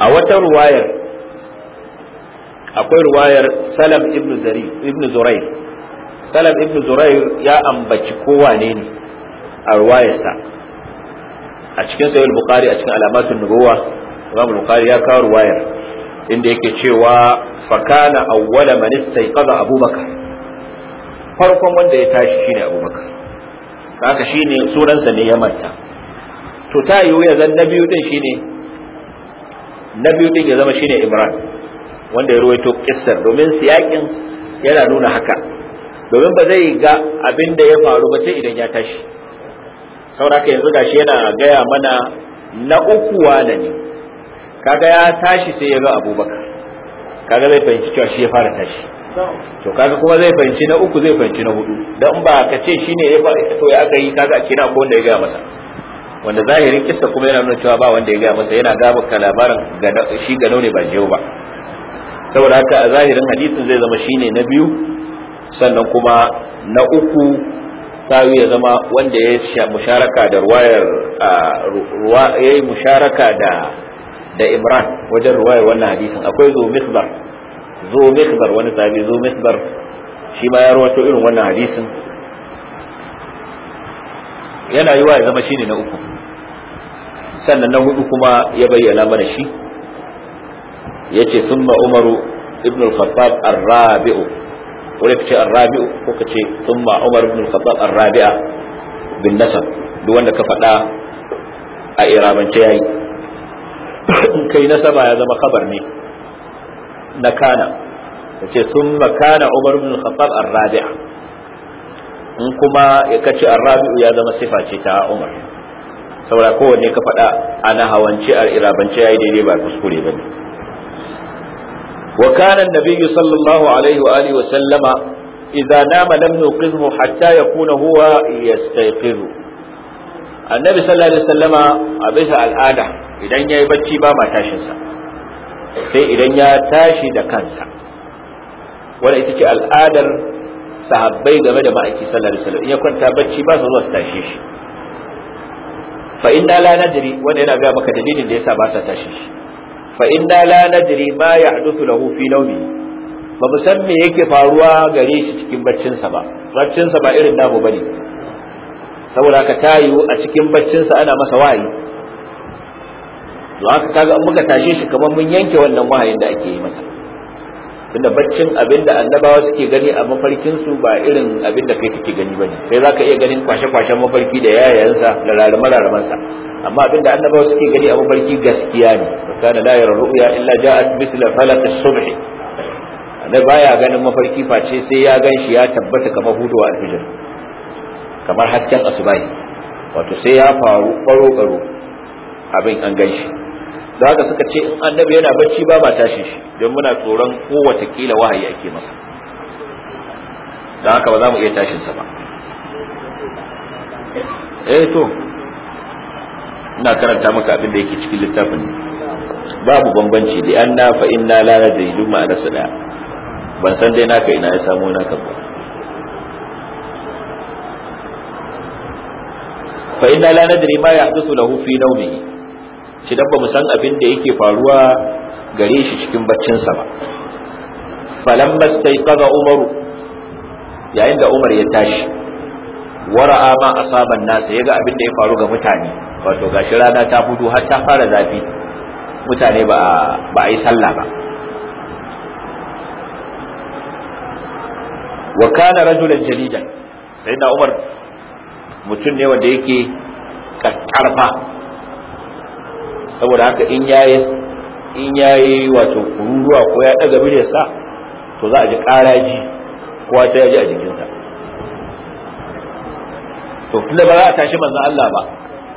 a wata ruwayar akwai ruwayar salam ibn zari ibn Zurai. salam ibn Zurai ya ambaci kowa ne a ruwayarsa a cikin sahih bukhari a cikin alamatun nubuwa imam bukhari ya kawo ruwayar inda yake cewa fakana awwala man istayqaza abubakar farkon wanda ya tashi shine abubakar haka shine sa ne ya manta to ta yiwu ya zan nabiyu din shine nabiyu din ya zama shine imran wanda ya ruwaito kissar domin siyakin yana nuna haka domin ba zai ga abin da ya faru ba sai idan ya tashi sauraka yanzu gashi yana gaya mana na uku wane ne kaga ya tashi sai ya ga abubakar kaga zai fahimci cewa shi ya fara tashi to kaga kuma zai fahimci na uku zai fahimci na hudu dan ba ka ce shine ya fara to ya aka yi kaga a kira ko wanda ya gaya masa wanda zahirin kisa kuma yana nuna cewa ba wanda ya gaya masa yana gaba ka labarin shi gano ne ba jiyo ba saboda haka a zahirin hadisin zai zama shine na biyu sannan kuma na uku sawi ya zama wanda ya musharaka da ruwayar ya yi musharaka da da imran wajen ruwaya wannan hadisin akwai zo misbar zo misbar wani tabi zo misbar shi ma ya rawaito irin wannan hadisin yana wa ya zama shi ne na uku sannan na hudu kuma ya bayyana mana shi yace ma umaru ibn al-khattab ar-rabi'u ko kace ar-rabi'u ko kace ma umar ibn al-khattab ar-rabi'a bin nasab duk wanda ka faɗa a irabance yayi in kai nasaba ya zama khabar ne na kana yace thumma kana umar ibn al-khattab ar-rabi' in kuma ya kace ar-rabi'u ya zama sifa ce ta umar saboda kowanne ka faɗa ana hawance a irabance yayi daidai ba kuskure ne. wa kana an-nabiy sallallahu alaihi wa alihi wa sallama idza nama lam nuqidhu hatta yakuna huwa yastayqiru annabi sallallahu alaihi wasallama a bisa al'ada idan ya yi bacci ba ma tashinsa sai idan ya tashi da kansa wanda ita ce al'adar sahabbai game da ma'aiki sallar alaihi in ya kwanta bacci ba su zuwa su tashe shi fa inna la nadri wanda yana ga maka dalilin da yasa ba sa tashe shi fa inna la nadri ma ya'duthu lahu fi nawmi ba mu san me yake faruwa gare shi cikin baccinsa ba baccinsa ba irin namu bane saboda ka tayu a cikin baccinsa ana masa wayi to haka kaga in muka tashe shi kamar mun yanke wannan wahayin da ake yi masa tunda baccin abin da annabawa suke gani a mafarkin su ba irin abin da kai kake gani bane sai zaka iya ganin kwashe-kwashen mafarki da sa da rarama sa amma abin annabawa suke gani a mafarki gaskiya ne kana la yara ru'ya illa ja'at mithla falaq as-subh annabi baya ganin mafarki face sai ya ganshi ya tabbata kamar hudu a alfijir kamar hasken asubahi wato sai ya faru baro baro abin an ganshi da haka suka ce in annabi yana bacci ba ba tashi shi don muna tsoron kowace kila wahayi ake masa da haka ba za mu iya tashinsa ba eh to ina karanta maka abin da yake cikin littafin babu bambanci da an na fa inna la nadri duma ala sada ban san dai naka ina ya samu naka ba fa inna la nadri ma yahdathu lahu fi nawmihi shi dabba bamu san abin da yake faruwa gare shi cikin baccin sa ba falamma staiqaza umaru yayin da umar ya tashi wara'a ma asaban nasa ya ga abin da ya faru ga mutane wato gashi rana ta fudu har ta fara zafi mutane ba ba yi sallah ba wa kana rajulan Sai da umar mutum ne wanda yake karfa saboda haka in yayi in yayi wato kururuwa ko ya daga bidiyar sa to za a ji karaji ko sai ji a jikinsa to tunda ba za a tashi manzon Allah ba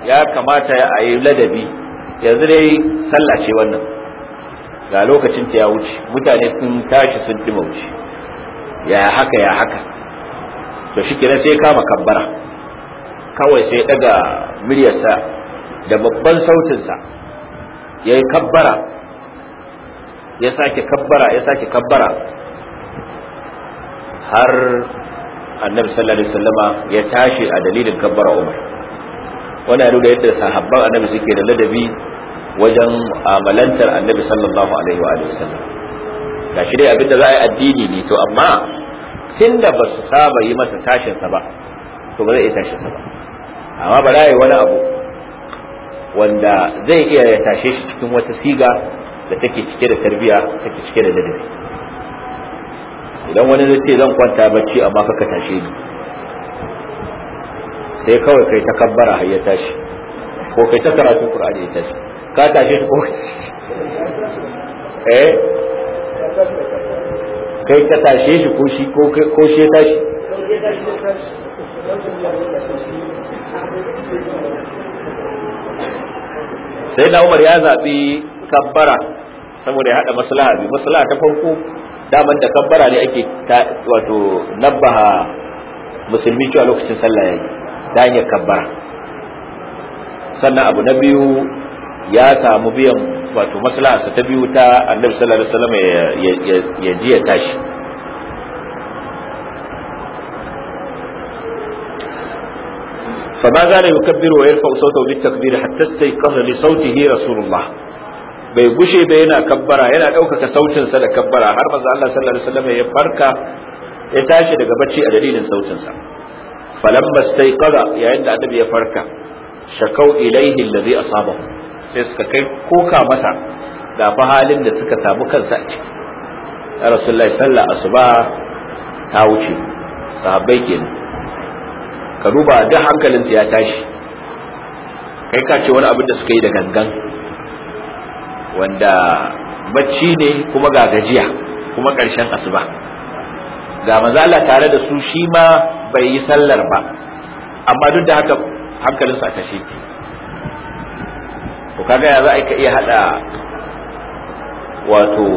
ya kamata a yi ladabi yanzu dai sallah ce wannan ga lokacin ta ya wuce mutane sun tashi sun dima wuce ya haka ya haka to shi kenan sai kama kabbara kawai sai ɗaga muryarsa da babban sautinsa ya yi kabbara ya sake kabbara ya sake kabbara har annabi sallallahu alaihi wasallama ya tashi a dalilin kabbara umar wannan nuna yadda sahabban annabi suke da ladabi wajen amalantar annabi sallallahu alaihi wa sallam ga shi dai abinda za a yi addini ne to amma tunda ba su saba yi masa tashinsa ba to ba zai iya tashinsa ba amma ba za yi wani abu wanda zai iya ya tashe shi cikin wata siga da take cike da tarbiya take cike da ladabi idan wani zai ce zan kwanta bacci amma kaka tashe ni sai kawai kai ta kabbara har ya tashi ko kai ta karatu qur'ani ya tashi ka tashe ko eh kai ka tashe shi ko shi ko shi ya tashi sai na umar ya zaɓi kabbara saboda ya haɗa maslaha biyu maslaha ta farko daman da kabbara ne ake wato nabbaha musulmi cewa lokacin sallah yi ta hanyar kabbara sannan abu na biyu ya samu biyan wato maslaha ta biyu ta annabi sallallahu alaihi wasallam ya ji ya tashi فما زال يكبر ويرفع صوته بالتكبير حتى استيقظ لصوته رسول الله bai gushe ba yana kabbara yana ɗaukaka sautinsa da kabbara har manzo Allah sallallahu alaihi wasallam ya farka ya tashi daga bacci a dalilin sautinsa falamma staiqara yayin da annabi ya farka shakau ilaihi alladhi asabahu sai suka kai koka masa da fa halin da suka samu kansa a ciki ya rasulullahi sallallahu asuba ta wuce sahabbai kenan ka duba duk hankalinsa ya tashi kai ka ce wani abin da suka yi da gangan wanda bacci ne kuma ga gajiya kuma ƙarshen asuba ga mazala tare da su shi ma bai yi sallar ba amma duk da haka hankalinsa ta shi ke kaga ya za a iya hada wato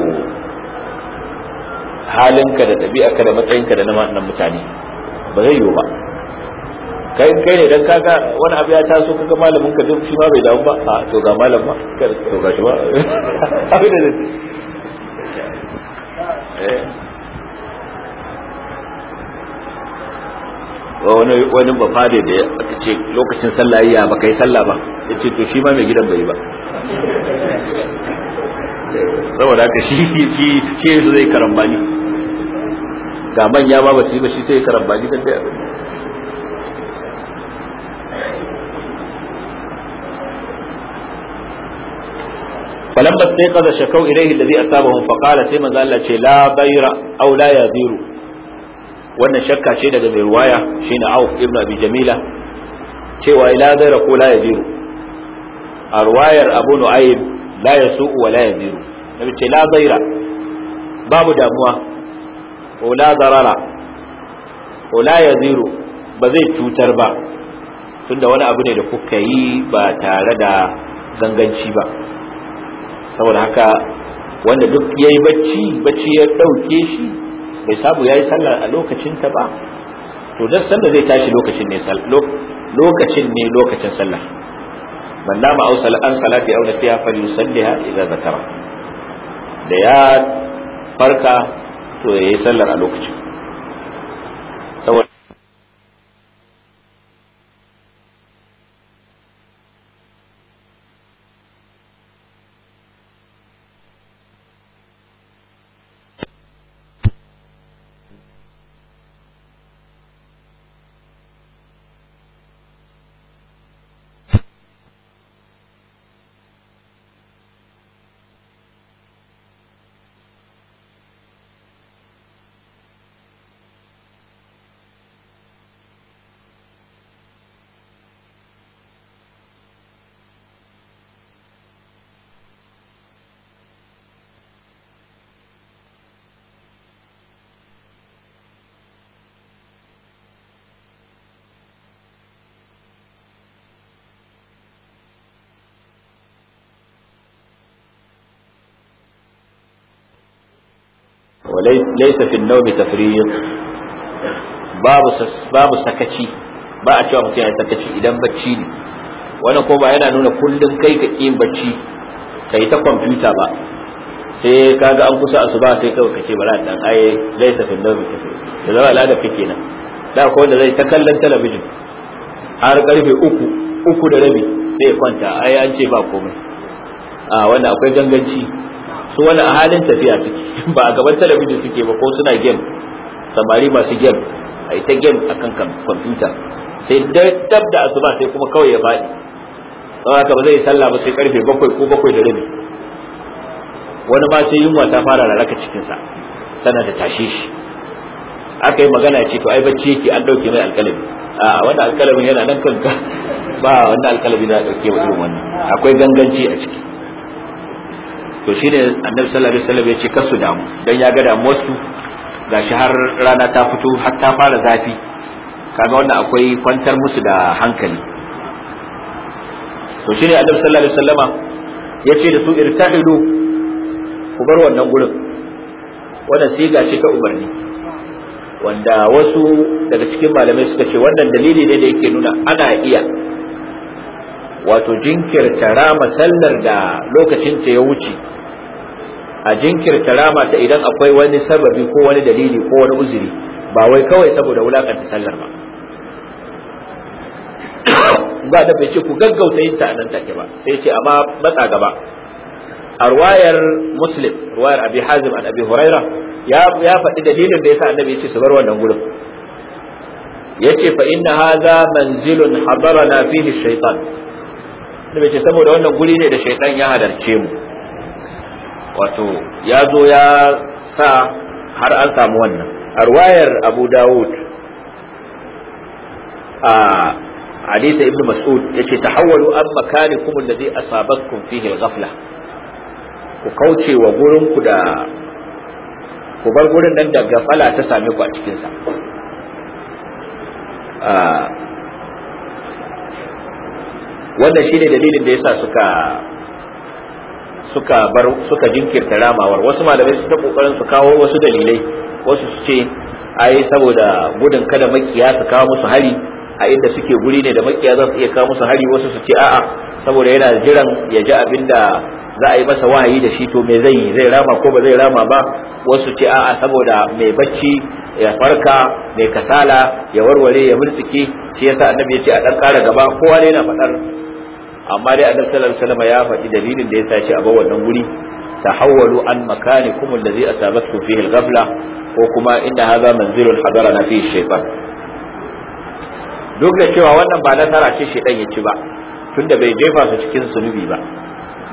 halinka da ɗabi'arka da matsayinka da na mutane ba zai yiwu ba kai kai ne dan kaga wani abu ya taso kaga malamin ka duk shi ma bai damu ba a to ga malam kar to ga shi ba *laughs* abin da ba eh. wani wani ba fade da aka ce lokacin sallah ya ba kai sallah ba yace to shi ma mai gidan bai ba saboda ka shi shi shi zai karambani ga manya ba ba shi ba shi sai karambani da dai falamma sai kaza shakau ilaihi alladhi asabahum fa qala sai manzo Allah ce la bayra aw la yadiru wannan shakka ce daga mai ruwaya shine Auf ibn Abi Jamila cewa la bayra ko la yadiru a ruwayar Abu Nu'aym la yasu'u wa la yadiru nabi ce la bayra babu damuwa ko la zarara ko la yadiru ba zai cutar ba tunda wani abu ne da kuka yi ba tare da ganganci ba saboda haka wanda duk ya yi bacci bacci ya ɗauke shi bai sabu ya yi sallar a lokacinta ba to don sanda zai tashi lokacin ne lokacin ne lokacin sallar man nama aw an salati fari sallar ya idza zakara da ya farka to ya yi sallar a lokacin laysa fi nawmi tafriq babu babu sakaci ba a cewa mutum ya sakaci idan bacci ne Wani ko ba yana nuna kullum kai ka yin bacci kai ta kwamfuta ba sai kaga an kusa asuba sai kawai kace bara dan ai laysa fi nawmi tafriq da zama al'ada kake nan da ko wanda zai ta kallon talabijin har karfe uku uku da rabi sai kwanta ai an ce ba komai a wanda akwai ganganci su wani a halin tafiya suke *laughs* ba a gaban talabijin suke ba ko suna game samari masu game a ita game a kan kwamfuta sai dab da asuba sai kuma kawai ya faɗi tsawon haka ba zai sallah ba sai karfe bakwai ko bakwai da rabi wani ma sai yunwa ta fara lalaka cikinsa tana da tashe shi aka yi magana ce to ai bacci yake an ɗauke mai alƙalami a wannan alƙalamin yana nan kanka *laughs* ba wannan alƙalami za a ɗauke wa irin wannan akwai ganganci a ciki to shine annabi sallallahu alaihi wasallam ya ce kasu damu dan ya ga damuwarsu gashi har rana ta fito har ta fara zafi kaga wannan akwai kwantar musu da hankali to shine annabi sallallahu alaihi wasallama ya ce da su irtahidu ku bar wannan gurin wannan siga ce ta umarni wanda wasu daga cikin malamai suka ce wannan dalili ne da yake nuna ana iya wato jinkirta rama sallar da lokacin ta ya wuce a jinkirta rama ta idan akwai wani sababi ko wani dalili ko wani uzuri ba wai kawai saboda wulakanta sallar ba *coughs* ba da bai ce ku gaggauta yin ta nan take ba sai ce amma matsa gaba A ruwayar muslim ruwayar abi hazim an abi huraira ya ya faɗi dalilin da yasa annabi ya ce su bar wannan Ya yace fa inna hadha manzilun hadarana fihi shaytan bai ce saboda wannan guri ne da shaytan ya hadarce mu wato ya zo ya sa har an samu wannan a ruwayar abu dawud a hadisa Ibn mas'ud yace tahawwalu an makanikum alladhi asabatkum fihi al-ghafla ku kauce wa gurin ku da ku bar gurin nan da gafala ta same ku a cikin sa wannan shine dalilin da yasa suka suka bar suka jinkirta ramawar wasu malamai su ta kokarin su kawo wasu dalilai wasu su ce ai saboda gudun kada makiya su kawo musu hari a inda suke guri ne da makiya za su iya kawo musu hari wasu su ce a'a saboda yana jiran ya ji abin da za a yi masa wahayi da shi to me zai zai rama ko ba zai rama ba wasu ce a'a saboda mai bacci ya farka mai kasala ya warware ya murtsike shi yasa annabi ya ce a dan kara gaba kowa ne yana faɗar amma dai annabi sallallahu alaihi wasallam ya faɗi dalilin da yasa ya ce a ba wannan guri tahawwalu an makanikum allazi asabatkum fihi al ghafla ko kuma inna hadha hadara na fihi shaytan duk da cewa wannan ba nasara ce shaytan ya ci ba tunda bai jefa su cikin sunubi ba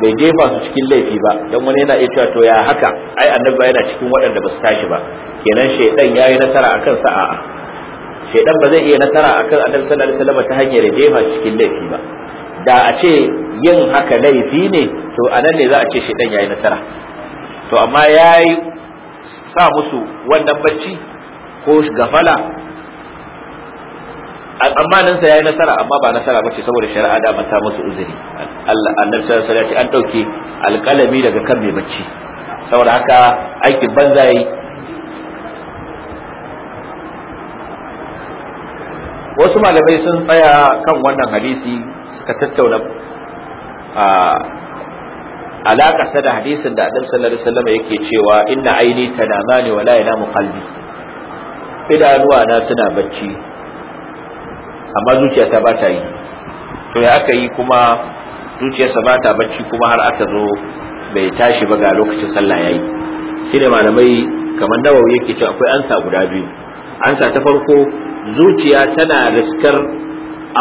bai jefa su cikin laifi ba dan wani yana iya cewa to ya haka ai annabi yana cikin waɗanda ba su tashi ba kenan shaytan yayi nasara akan sa a'a shaytan ba zai iya nasara akan annabi sallallahu alaihi wasallam ta hanyar jefa cikin laifi ba da a ce yin haka laifi ne to a nan ne za a ce shi ya yi nasara to amma ya sa musu wannan bacci ko gafala amaninsa ya yi nasara amma ba nasara ba ce saboda shari'a da mata musu uzuri Allah annabi sallallahu alaihi wasallam an dauke alƙalami daga kan mai bacci saboda haka aikin banza yi wasu malamai sun tsaya kan wannan hadisi suka tattauna alaƙa sa da hadisin da annabi sallallahu alaihi wasallam yake cewa inna aini tanamani wa la yanamu qalbi idanuwa na suna bacci amma zuciya ta bata yi to ya aka yi kuma zuciyarsa sa bata bacci kuma har aka zo bai tashi ba ga lokacin sallah yayi shine malamai kamar nawawi yake cewa akwai ansa guda biyu ansa ta farko zuciya tana riskar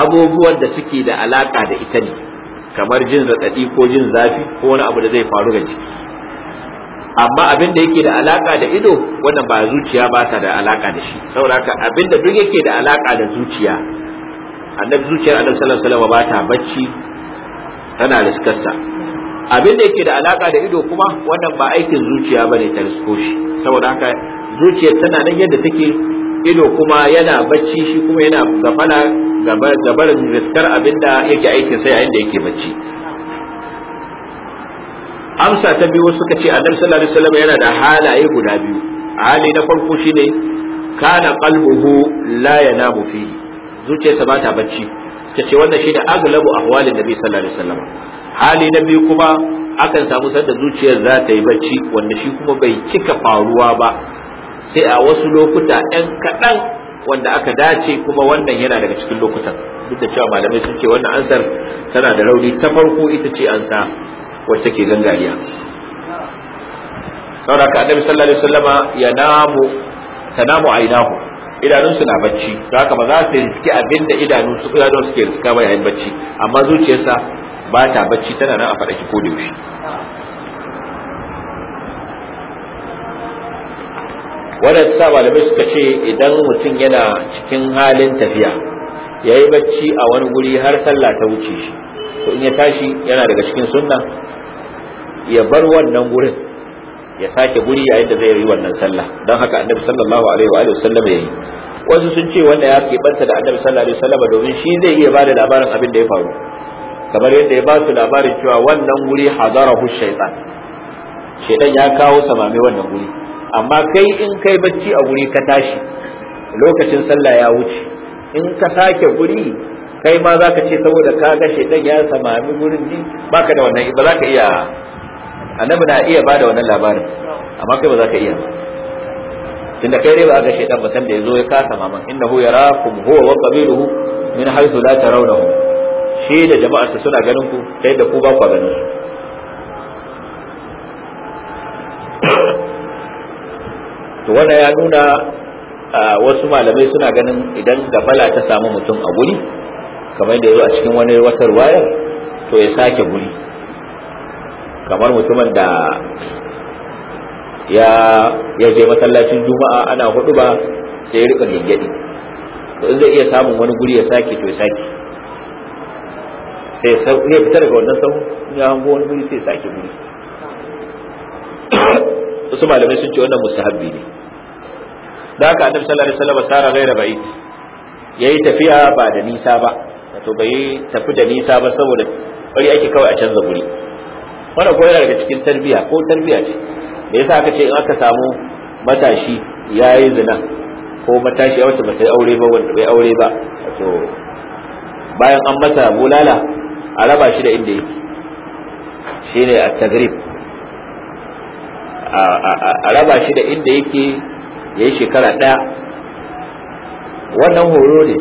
abubuwan da suke da alaka da ita ne kamar jin raɗaɗi ko jin zafi ko wani abu da zai faru ga jiki amma abin da yake da alaka da ido wannan ba zuciya ba ta da alaka da shi saboda haka abin da duk yake da alaka da zuciya annabi zuciyar annabi sallallahu alaihi wasallam ba ta bacci tana riskarsa abin da yake da alaka da ido kuma wannan ba aikin zuciya bane ta risko shi saboda haka zuciyar tana nan yadda take ido kuma yana bacci shi kuma yana gafala gabarin riskar abinda yake aikin sai yayin da yake bacci amsa ta biyu suka ce annabi sallallahu alaihi wasallam yana da halaye guda biyu hali na farko shine kana qalbuhu la yanamu fi zuciyarsa ba ta bacci suka ce wannan shine aglabu ahwalin nabi sallallahu alaihi wasallam hali na biyu kuma akan samu sanda zuciyar za ta yi bacci wanda shi kuma bai cika faruwa ba sai a wasu lokuta 'yan kaɗan wanda aka dace kuma wannan yana daga cikin lokutan duk da cewa malamai sun ce wannan ansar tana da rauni ta farko ita ce ansa wacce ke gangariya saboda ka annabi sallallahu alaihi wasallama ya namu tanamu idanun idanunsu na bacci don haka ba za su riske abin da idanu su idanu suke riska ba yayin bacci amma zuciyarsa ba ta bacci tana nan a faɗaki ko da yaushe wannan sa malamai suka ce idan mutum yana cikin halin tafiya ya yi bacci a wani guri har sallah ta wuce shi to in ya tashi yana daga cikin sunna ya bar wannan gurin ya sake guri yayin da zai yi wannan sallah don haka annabi sallallahu alaihi wa alihi wasallam yayi wasu sun ce wanda ya ke banta da annabi sallallahu alaihi wasallam domin shi zai iya bada labarin abin da ya faru kamar yadda ya ba su labarin cewa wannan guri hazarahu shaytan shaytan ya kawo samame wannan guri amma kai in kai bacci a guri ka tashi lokacin sallah ya wuce in ka sake guri kai ma za ka ce saboda ka ga shaidan ya samami gurin ji baka da wannan ba za ka iya annabi na iya bada wannan labarin amma kai ba za ka iya tunda kai dai ba ga shaidan ba san da yazo ya kasa maman hu yarakum huwa wa qabiluhu min haythu la tarawnahu shi da su suna ganin ku kai da ku ba ku ganin su to wannan ya nuna wasu malamai suna ganin idan gabala ta samu mutum a guri kamar da zo a cikin wani watar wayar, to ya sake guri kamar mutumin da ya ya je masallacin juma'a ana hudu ba sai ya rika gengedi to in zai iya samun wani guri ya sake to ya sake sai ya fita daga wannan sau ya hango wani guri sai ya sake guri wasu malamai sun ce wannan mustahabbi ne da haka annabi sallallahu alaihi wasallam sara ghaira ba'id yayi tafiya ba da nisa ba to bai tafi da nisa ba saboda bari ake kawai a canza guri wanda ko yana daga cikin tarbiya ko tarbiya ce me yasa aka ce in aka samu matashi yayi zina ko matashi ya wuce bata aure ba wanda bai aure ba to bayan an masa bulala a raba shi da inda yake shine at-tagrib a raba shi da inda yake ya yi shekara ɗaya wannan horo ne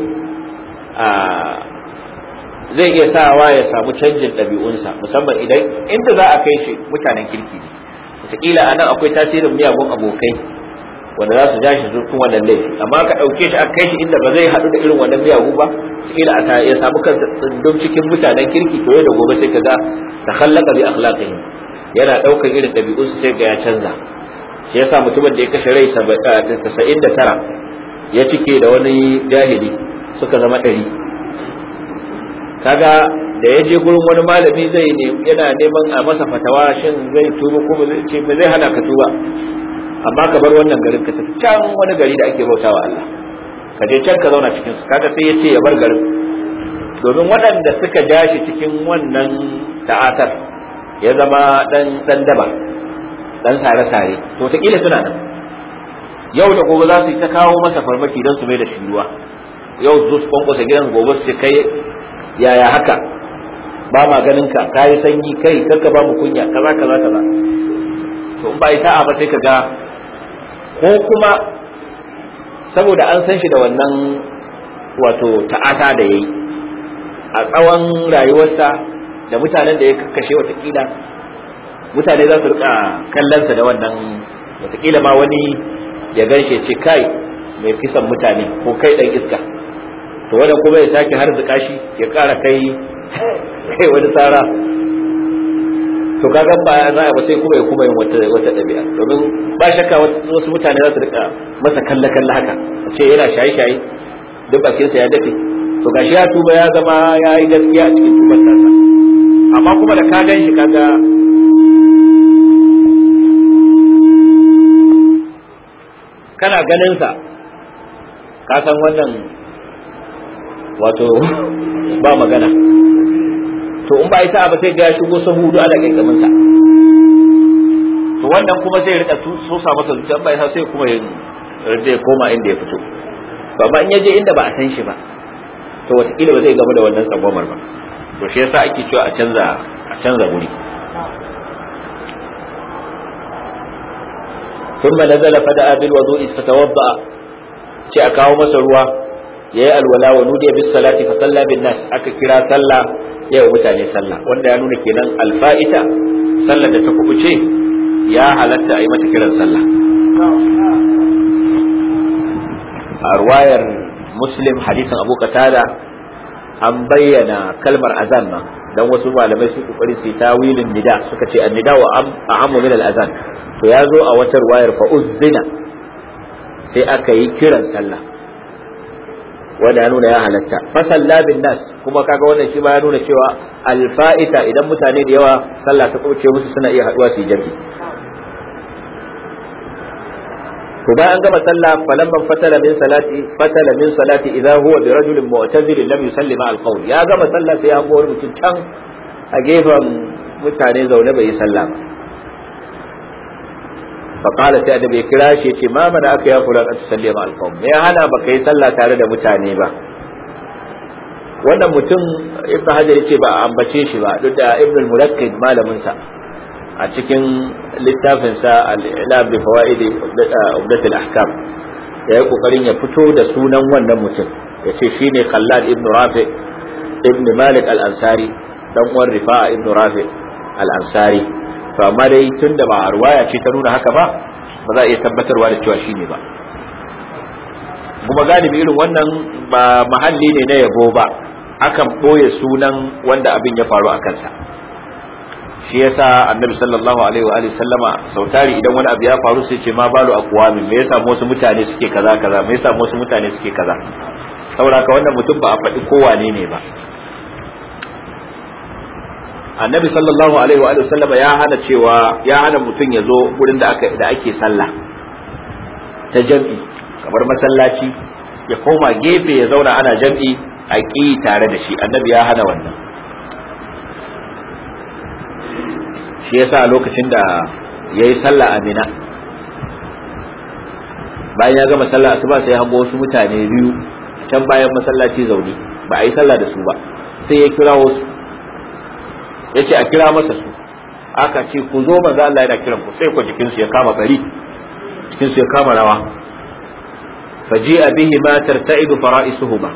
zai iya sawa ya samu canjin ɗabi'unsa musamman idan inda za a kai shi mutanen kirki ne wataƙila a nan akwai tasirin miyagun abokai wanda za su ja shi zurfin wannan laifi amma ka ɗauke shi a kai shi inda ba zai haɗu da irin wannan miyagu ba wataƙila a ya samu kansa tsundum cikin mutanen kirki to yau da gobe sai ka ga ta hallaka bi akhlaqihim yana ɗaukar irin ɗabi'un su sai ga ya canza shi yasa mutumin da ya kashe rai tasa'in da tara ya cike da wani jahili suka zama ɗari kaga da ya je gurin wani malami zai ne yana neman a masa fatawa shin zai tuba ko ba zai ce ba zai hana ka tuba amma ka bar wannan garin ka tafi can wani gari da ake bautawa Allah ka je can ka zauna cikin su kaga sai ya ce ya bar garin domin waɗanda suka ja cikin wannan ta'atar. ya zama dan dan daba dan sare-sare to ta kila suna nan yau da gobe za su yi ta kawo masa farmaki don su mai da shiruwa. yau zu su kwankwasa gidan gobe su kai yaya haka ba ma ganin ka yi sanyi kai karka ba mu kunya kaza kaza kaza to in ba ita a ba sai ka ga ko kuma saboda an san shi da wannan wato ta'ata da yayi a tsawon rayuwarsa da mutanen da ya kakkashe watakila mutane za su rika kallonsa da wannan watakila ma wani ya ganshe ce kai mai kisan mutane ko kai dan iska to wannan kuma ya sake harzuka shi ya kara kai kai wani tsara to kaga ba za a sai kuma ya kuma yin wata wata dabi'a domin ba shakka wasu mutane za su rika masa kalla kalla haka a ce yana shaye shaye duk bakin sa ya dafe to gashi ya tuba ya zama ya yi gaskiya a cikin tubar amma kuma da ka gan shi kaga kana ganin sa ka san wannan wato ba magana to in ba isa ba sai ga shigo sahudu ana gaggamin sa to wannan kuma sai rika sosa masa zuciya ba isa sai kuma ya koma inda ya fito ba in yaje inda ba a san shi ba to wataƙila ba zai gama da wannan tsangwamar ba Yaushe shi yasa ake cewa a canza a canza guri thumma nazala fada'a bil wudu'i fatawadda ce a kawo masa ruwa yayi alwala wa nudiya bis salati fa salla bin aka kira salla yayi mutane salla wanda ya nuna kenan alfa'ita sallar da ta kubuce ya halarta a yi mata kiran sallah a ruwayar muslim hadisin abu an bayyana kalmar azan ma dan wasu malamai su kokari su tawilin nida suka ce annida wa amu min al-azan to ya zo a wata wayar fa uzzina sai aka yi kiran sallah wanda ya nuna ya halatta fa salla bin nas kuma kaga wannan shi ma ya nuna cewa al-fa'ita idan mutane da yawa sallah ta kuce musu suna iya haduwa su yi jami'i to bayan gama sallah falamman fatala min salati fatala min salati idza huwa bi rajulin mu'tazilin lam yusalli ma al-qawl ya gama sallah sai ya ga wani mutum can a gefen mutane zaune bai yi sallah ba فقال sai da bai kira shi yace ma mana aka ya kula an salli ma alqawm ya hana baka yi sallah tare da mutane ba wannan mutum ibnu hajar yace ba ambace shi ba duk da ibn al malamin sa a cikin littafinsa al'ila bi fawaidi ubdat al-ahkam ya kokarin ya fito da sunan wannan mutum ya ce shine Khallad ibn Rafi ibn Malik al-Ansari dan uwan Rifa'a ibn Rafi al-Ansari to amma dai tunda ba arwaya ce ta nuna haka ba ba za a iya tabbatarwa da cewa shine ba kuma galibi irin wannan ba mahalli ne na yabo ba akan boye sunan wanda abin ya faru a kansa shi yasa annabi sallallahu alaihi wa alihi sallama sautari idan wani abu ya faru sai ce ma balu min me yasa wasu mutane suke kaza kaza me yasa wasu mutane suke kaza saboda ka wannan mutum ba a faɗi kowane ne ba annabi sallallahu alaihi wa alihi sallama ya hana cewa ya hana mutum ya zo gurin da aka da ake sallah ta jam'i kamar masallaci ya koma gefe ya zauna ana jam'i a ƙi tare da shi annabi ya hana wannan shi yasa lokacin da ya yi sallah a Mina bayan ya gama sallah asuba sai hango wasu mutane biyu can bayan masallaci zaune ba a yi sallah da su ba sai ya kira wasu ya ce a kira masa su aka ce ku zo manzo Allah yana kiran ku sai ku jikinsu ya kama bari jikinsu ya kama rawa faji'a bihi ma tarta'idu fara'isuhuma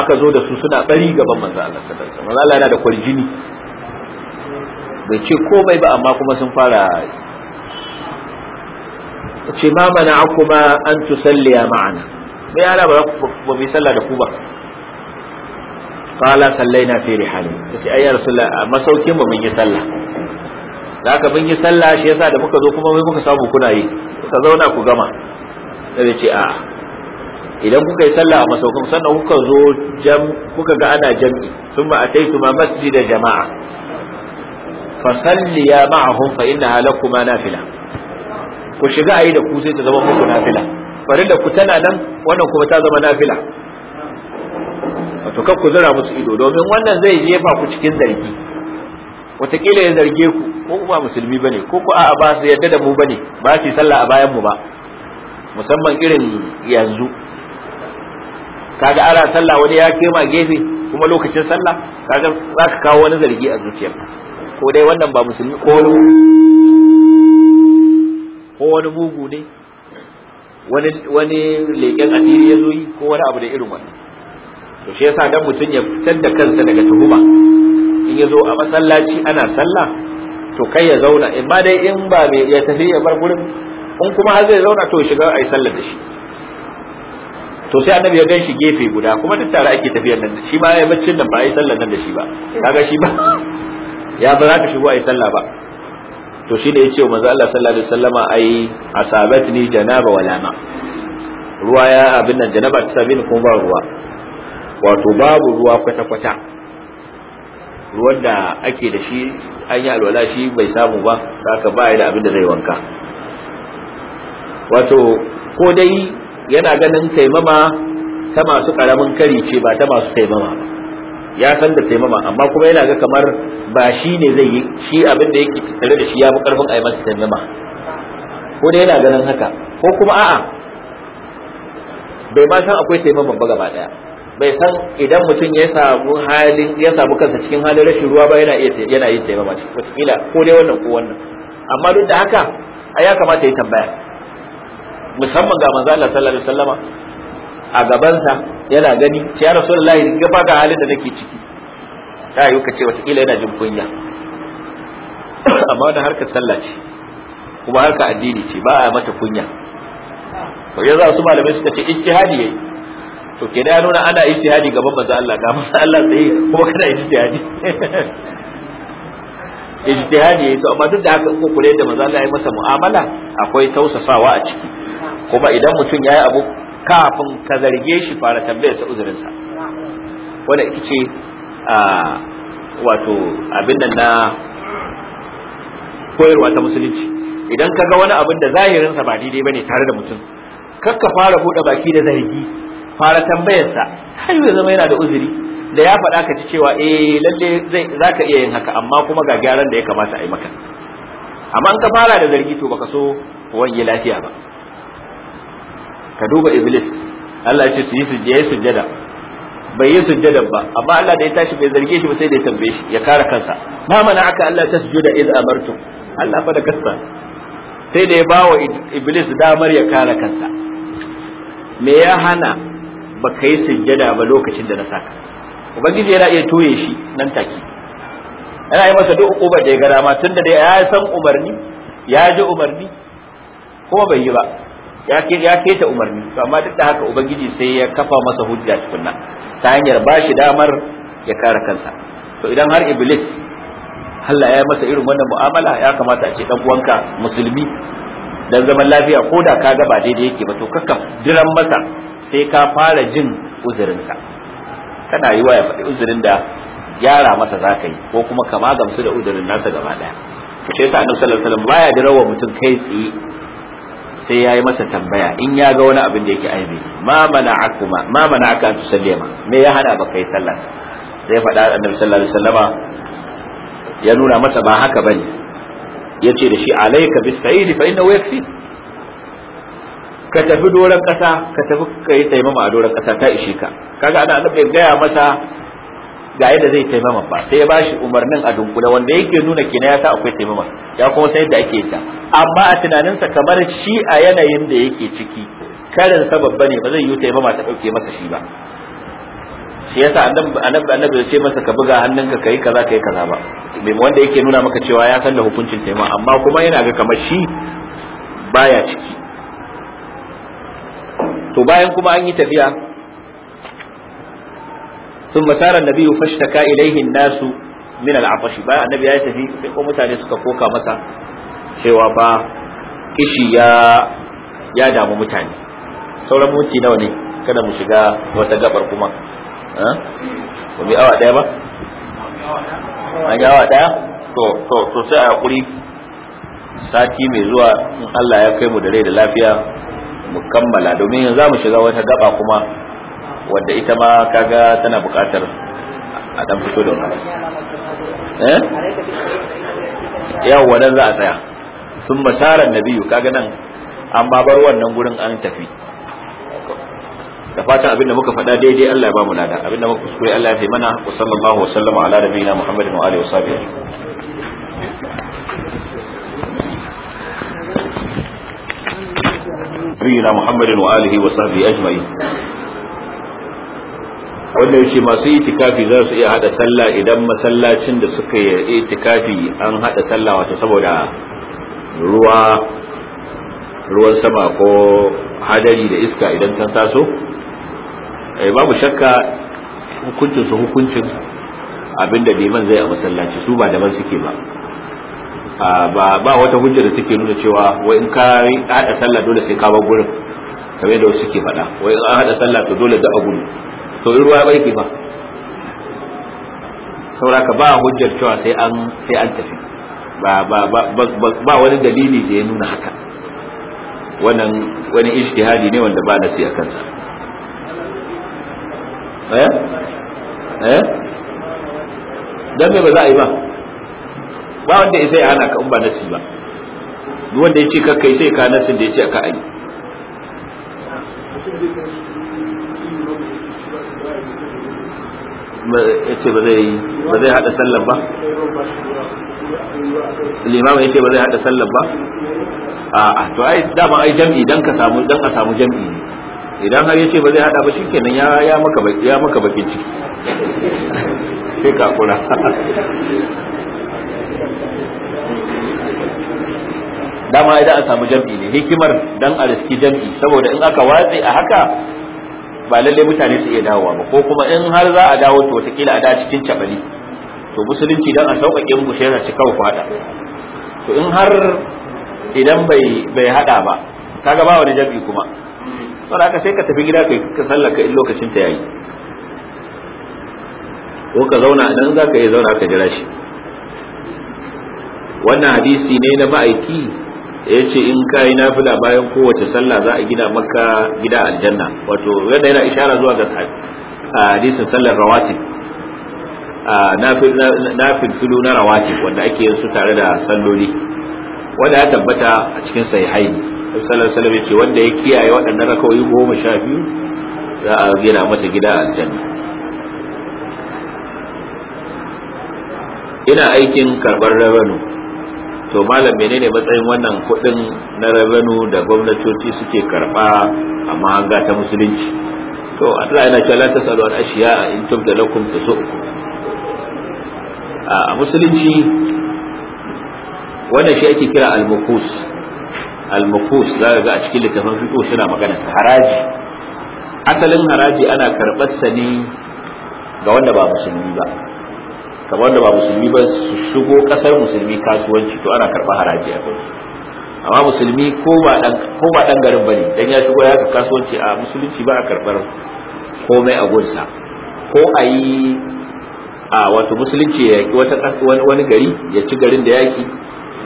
aka zo da su suna bari gaban manzo Allah sallallahu alaihi wasallam manzo Allah yana da kwarjini bai ce komai ba amma kuma sun fara ce ma mana kuma an ya ma'ana mai yana ba ba mai sallah da ku ba sallai na fere hali. sai ayi rasulullah a masaukin mu mun yi sallah da aka mun yi sallah shi yasa da muka zo kuma mai muka samu kuna yi kuka zauna ku gama sai ce a idan kuka yi sallah a masaukin sannan kuka zo jam kuka ga ana jam'i thumma ma masjida jama'a fasalliya ma'ahum fa inna lakuma nafila ku shiga ayi da ku sai ta zama muku nafila da ku tana nan wannan kuma ta zama nafila wato ku zira musu ido domin wannan zai jefa ku cikin zargi watakila ya zarge ku ko kuma musulmi bane ko ku a'a ba su yadda da mu bane ba su sallah a bayan mu ba musamman irin yanzu kaga ana sallah wani ya kema gefe kuma lokacin sallah kaga za ka kawo wani zargi a zuciyarka ko dai wannan ba musulmi ko ko wani mugu ne wani wani leƙen asiri ya zo yi ko wani abu da irin wannan to shi yasa dan mutum ya fitar da kansa daga tuhuma in ya zo a masallaci ana sallah to kai ya zauna in ba dai in ba mai ya tafi ya bar gurin in kuma har zai zauna to shiga ai sallar da shi to sai annabi ya gan shi gefe guda kuma duk tare ake tafiyar nan shi ba ya baccin nan ba ai sallar nan da shi ba kaga shi ba ya ba za ka shigo a yi sallah ba to shi da ya ce manzo Allah sallallahu alaihi wasallama ai asabatni janaba wala ma ruwa ya abin nan janaba ta same ni kuma ba ruwa wato babu ruwa kwata kwata ruwan da ake da shi an yi alwala shi bai samu ba haka ba da abin da zai wanka wato ko dai yana ganin taimama ta masu karamin kari ce ba ta masu taimama ba ya san da taimama amma kuma yana ga kamar ba shi ne zai yi shi abin da yake tare da shi ya fi karfin a yi masa taimama ko da yana ganin haka ko kuma a'a bai ma san akwai taimaman ba gaba daya bai san idan mutum ya samu halin ya samu kansa cikin halin rashin ruwa ba yana iya yana yin taimama wataƙila ko dai wannan ko wannan amma duk da haka a ya kamata ya tambaya musamman ga manzo Allah sallallahu alaihi wasallama a gabansa yana gani ce ya rasulullahi ga ba ga halin da nake ciki ta yi ka ce kila yana jin kunya *coughs* amma wani harkar sallah ce kuma harkar addini ce ba a mata kunya to yanzu su malamai suka ce ijtihadi yayi to ke da nuna ana ijtihadi gaban manzo Allah ga manzo Allah sai kuma kana ijtihadi *laughs* ijtihadi to amma duk da haka ko kure da manzo Allah ya masa mu'amala akwai tausasawa a ciki kuma idan mutum yayi abu kafin ka zarge shi fara tambayar sa uzurinsa wanda ita ce wato abin da na koyarwa ta musulunci idan ka ga wani abin da zahirinsa ba daidai bane tare da mutum kakka fara buɗe baki da zargi fara tambayarsa har yi zama yana da uzuri da ya faɗa ka ci cewa eh lalle zai zaka iya yin haka amma kuma ga gyaran da ya kamata a yi maka amma in ka fara da zargi to baka so wani lafiya ba ka duba iblis Allah ya ce su yi sujjada bai yi sujjada ba amma Allah da ya tashi bai zarge shi ba sai da ya tambaye shi ya kare kansa ma mana aka Allah ta sujjada idza amartu Allah fa da kansa sai da ya bawa iblis damar ya kare kansa me ya hana ba ka yi sujjada ba lokacin da na saka ubangiji yana iya toye shi nan take yana yi masa duk ubar da ya gara ma tunda da ya san umarni ya ji umarni kuma bai yi ba ya ke ya keta umarni to amma duk da haka ubangiji sai ya kafa masa hujja tukunna ta hanyar ba shi damar ya kare kansa to idan har iblis Allah ya masa irin wannan mu'amala ya kamata a ce dan uwanka musulmi dan zaman lafiya ko da ka ga ba daidai yake ba to kakka diran masa sai ka fara jin uzurinsa kana yi wa ya faɗi uzurin da gyara masa za ka yi ko kuma ka magamsu da uzurin nasa gaba ɗaya to sai sa annabi sallallahu alaihi wasallam baya dirawa mutum kai tsi. sai ya yi masa tambaya in ya ga wani abin da yake aibi ma akuma ma mana'aka an tusallima me ya hana ba kai sallah sai ya faɗa annabi sallallahu alaihi wasallama ya nuna masa ba haka bane yace da shi alayka bis sa'id fa innahu yakfi ka tafi doron kasa ka tafi kai taimama a doron kasa ta ishe ka kaga ana annabi ya gaya masa ga yadda zai taimama ba sai ya bashi umarnin a dunkule wanda yake nuna kina ya sa akwai taimama ya kuma sai yadda ake ta amma a tunaninsa kamar shi a yanayin da yake ciki karin sabab bane ba zai yi taimama ta dauke masa shi ba shi yasa annabi annabi ya ce masa ka buga hannunka kai kaza kai kaza ba bai wanda yake nuna maka cewa ya san da hukuncin taimama amma kuma yana ga kamar shi baya ciki to bayan kuma an yi tafiya sun masarar nabi fashtaka ilaihin nasu min al'afashi bayan annabi ya tafi sai ko mutane suka koka masa cewa ba kishi ya damu mutane sauran mutu nawa ne kada mu shiga wata gabar kuma ba mu awa daya ba an yi awa daya to sai a hakuri sati mai zuwa in Allah ya kai mu da rai da lafiya mu kammala domin yanzu za mu shiga wata gaba kuma wadda ita ma kaga tana buƙatar a dan fito da wani eh yawa nan za a tsaya sun masara nabiyu kaga nan an ba bar wannan gurin an tafi da fatan abinda muka faɗa daidai Allah ya ba mu lada abinda muka kuskure Allah ya fi mana wa sallallahu wa sallama ala nabiyina Muhammadin wa alihi wa sahbihi نبينا محمد وآله وصحبه أجمعين wanda yake masu itikafi za su iya hada sallah idan masallacin da suka yi itikafi an hada sallah wato saboda ruwa ruwan sama ko hadari da iska idan san taso eh babu shakka hukuncin su hukuncin abinda liman zai a masallaci su ba daban suke ba ah, ba ba wata hujjar da take nuna cewa wai in ka hada sallah dole sai ka bar gurin kamar yadda wasu suke faɗa wai in an hada sallah to dole da a gudu to ruwa bai ba sauraka ba hujjar cewa sai an sai an tafi ba ba ba wani dalili da ya nuna haka wannan wani ijtihadi ne wanda ba nasi a kansa eh eh dan me ba za a yi ba ba wanda ya sai ana ka in ba nasi ba duk wanda ya ce kakka sai ka nasi da ya ce aka yi yace ba zai ba zai hada sallar ba limam yace ba zai hada sallar ba a to ai dama ai jami'i dan ka samu dan a samu jami'i idan har yace ba zai hada ba shikenan ya ya maka ya maka bakin ciki *laughs* sai ka kula dama idan a samu jam'i ne hikimar dan a riski jam'i saboda in aka watse a haka ba lallai mutane su iya dawowa ba ko kuma in har za a dawo to wataƙila a da cikin cabali to musulunci dan a sauƙaƙe muku shi yana cikin kwada to in har idan bai bai hada ba kaga ba wani jabi kuma saboda haka sai ka tafi gida kai ka sallaka in lokacin ta yayi ko ka zauna nan za ka iya zauna ka jira shi wannan hadisi ne na ma'aiki ya ce in ka yi nafila bayan kowace sallah za a gina maka gida aljanna wato yadda yana ishara zuwa ga hadisin sallar rawatib nafil filu na rawatib wanda ake yin su tare da salloli wanda ya tabbata a cikin sahihaini sallar alaihi ce wanda ya kiyaye waɗannan rakawoyi goma sha biyu za a gina masa gida aljanna ina aikin karɓar rabanu to malam menene matsayin wannan kuɗin na rabanu da gwamnatoci suke karɓa a an ta musulunci to Allah yana cewa la tasalu an ashiya in da lakum uku a musulunci wannan shi ake kira al-mukus al-mukus za ga a cikin littafin fito suna magana haraji asalin haraji ana karɓar sa ne ga wanda ba musulmi ba kamar da ba musulmi ba su shigo kasar musulmi kasuwanci to ana karɓar haraji a amma musulmi ko ba dan garin bane dan ya shigo ya kasuwanci a musulunci ba a karɓar komai a gunsa ko a yi a wato musulunci ya yaki wani gari ya ci garin da yaki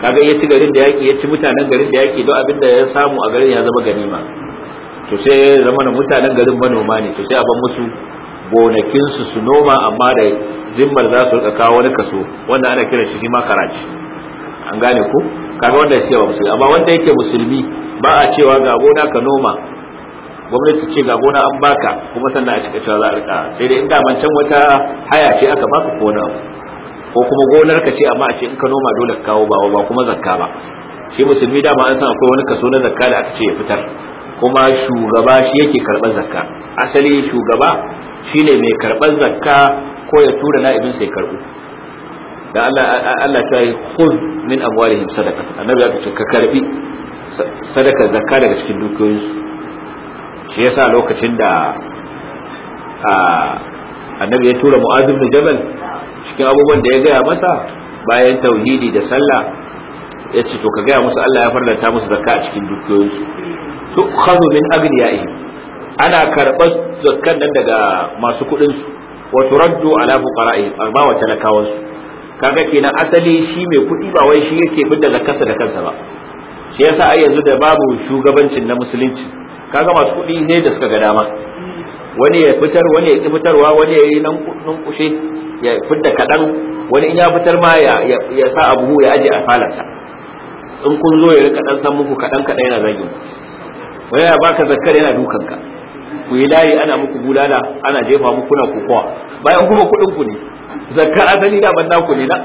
kaga ya ci garin da yaki ya ci mutanen garin da yaki don abin da ya samu a garin ya zama ganima to sai ya zama mutanen garin manoma ne to sai a ban musu gonakinsu su noma amma da zimmar za su rika kawo wani kaso wanda ana kira shi hima karaci an gane ku kaga wanda yake ba musulmi amma wanda yake musulmi ba a cewa ga gona ka noma gwamnati ce ga gona an baka kuma sannan a shiga cewa za a rika sai dai in da can wata haya ce aka baka ko na ko kuma gonar ka ce amma a ce in ka noma dole ka kawo ba ba kuma zakka ba shi musulmi dama an san akwai wani kaso na zakka da aka ce ya fitar kuma shugaba shi yake karɓar zakka asali shugaba shine mai karɓar zakka ko ya tura ibin sai karbu da Allah Allah ta yi khudh min amwalihim sadaqatan annabi ya ce ka karbi sadakar zakka daga cikin su shi yasa lokacin da annabi ya tura mu'adh Jamal jabal cikin abubuwan da ya gaya masa bayan tauhidi da sallah ya ce to ka gaya musu Allah ya farlanta musu zakka a cikin Su duk khadhu min agniyaihim ana karɓar zakkan nan daga masu kuɗin su wa turaddu ala fuqara'i amma wa talakawan su kaga kenan asali shi mai kuɗi ba wai shi yake bin da zakkarsa da kansa ba shi yasa ai yanzu da babu shugabancin na musulunci kaga masu kuɗi ne da suka ga dama wani ya fitar wani ya ki fitarwa wani ya yi nan kushe ya fitar kaɗan wani in ya fitar ma ya sa abu ya aje a falansa in kun zo ya rika dan san muku kaɗan kaɗan yana zagin wani ya baka zakkar yana dukanka ku yi layi ana muku bulala ana jefa muku kuna kokowa bayan kuma kuɗin ku ne zakka asali da ban ku ne na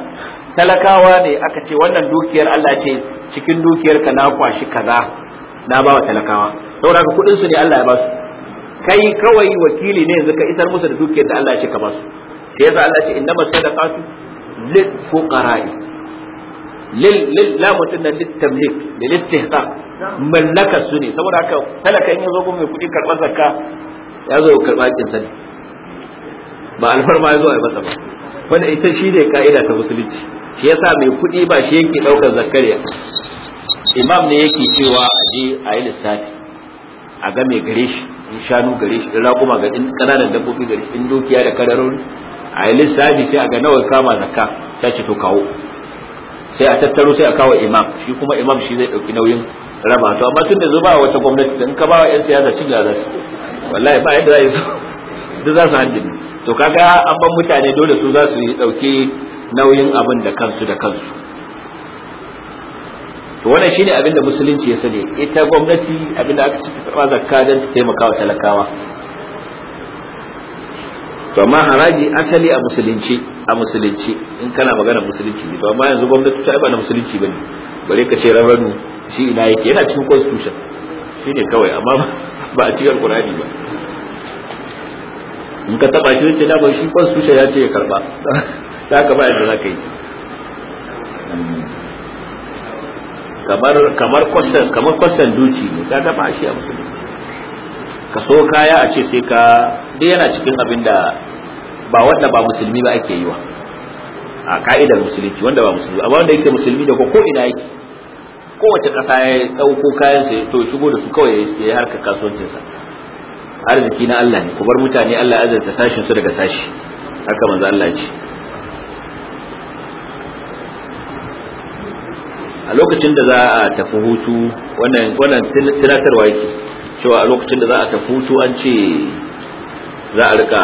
talakawa ne aka ce wannan dukiyar Allah ce cikin dukiyar ka na kwashi kaza na ba wa talakawa saboda ka kuɗin su ne Allah ya ba su kai kawai wakili ne yanzu ka isar musu da dukiyar da Allah ya ce ka ba su sai yasa Allah ce innamas sadaqatu lil fuqara'i lil lil lamun da litamlik lil mallaka su ne saboda haka talaka in yazo mai kudi karɓar zakka ya zo karɓa hakkin sani ba alfarma ya zo yi masa ba wanda ita shi ne ka'ida ta musulunci shi yasa mai kudi ba shi yake ɗaukar zakariya imam ne yake cewa a je a yi lissafi a ga mai gare shi in shanu gare shi in raƙuma ga in ƙananan dabbobi gare in dukiya da kadarori a yi lissafi sai a ga nawa kama zakka sai ce to kawo sai a tattaro sai a kawo imam shi kuma imam shi zai dauki nauyin raba to amma tun da zo ba wata gwamnati in ka ba wa yan siyasa cin da su wallahi ba yadda zai da za su handin to kaga an ban mutane dole su za su dauki nauyin abin da kansu da kansu to wannan shine abin da musulunci ya sani ita gwamnati abin da aka ci ta karba zakka don su taimaka wa talakawa to amma haraji asali a musulunci a musulunci in kana magana musulunci ne to amma yanzu gwamnati ta ba na musulunci bane bare ka ce rabanu shi ina yake yana cikin constitution shi ne kawai amma ba a cikin alqurani ba in ka taba shi ce dama shi constitution ya ce ya karba da *laughs* haka ba yanzu za ka yi kamar kamar kwasan kamar kwasan duci ne ka taba shi a musulunci ka so kaya a ce sai ka duk yana cikin abin da ba wanda ba musulmi ba ake yi wa a ka'idar musulunci wanda ba musulmi amma wanda yake musulmi da ko ina yake kowace ƙasa ya ɗauko kayan sa to shigo da su kawai ya yi harkar kasuwancinsa arziki na Allah ne ku bar mutane Allah ya azurta sashin su daga sashi haka manzo Allah ce a lokacin da za a tafi hutu wannan wannan tunatarwa yake cewa a lokacin da za a tafi hutu an ce za a rika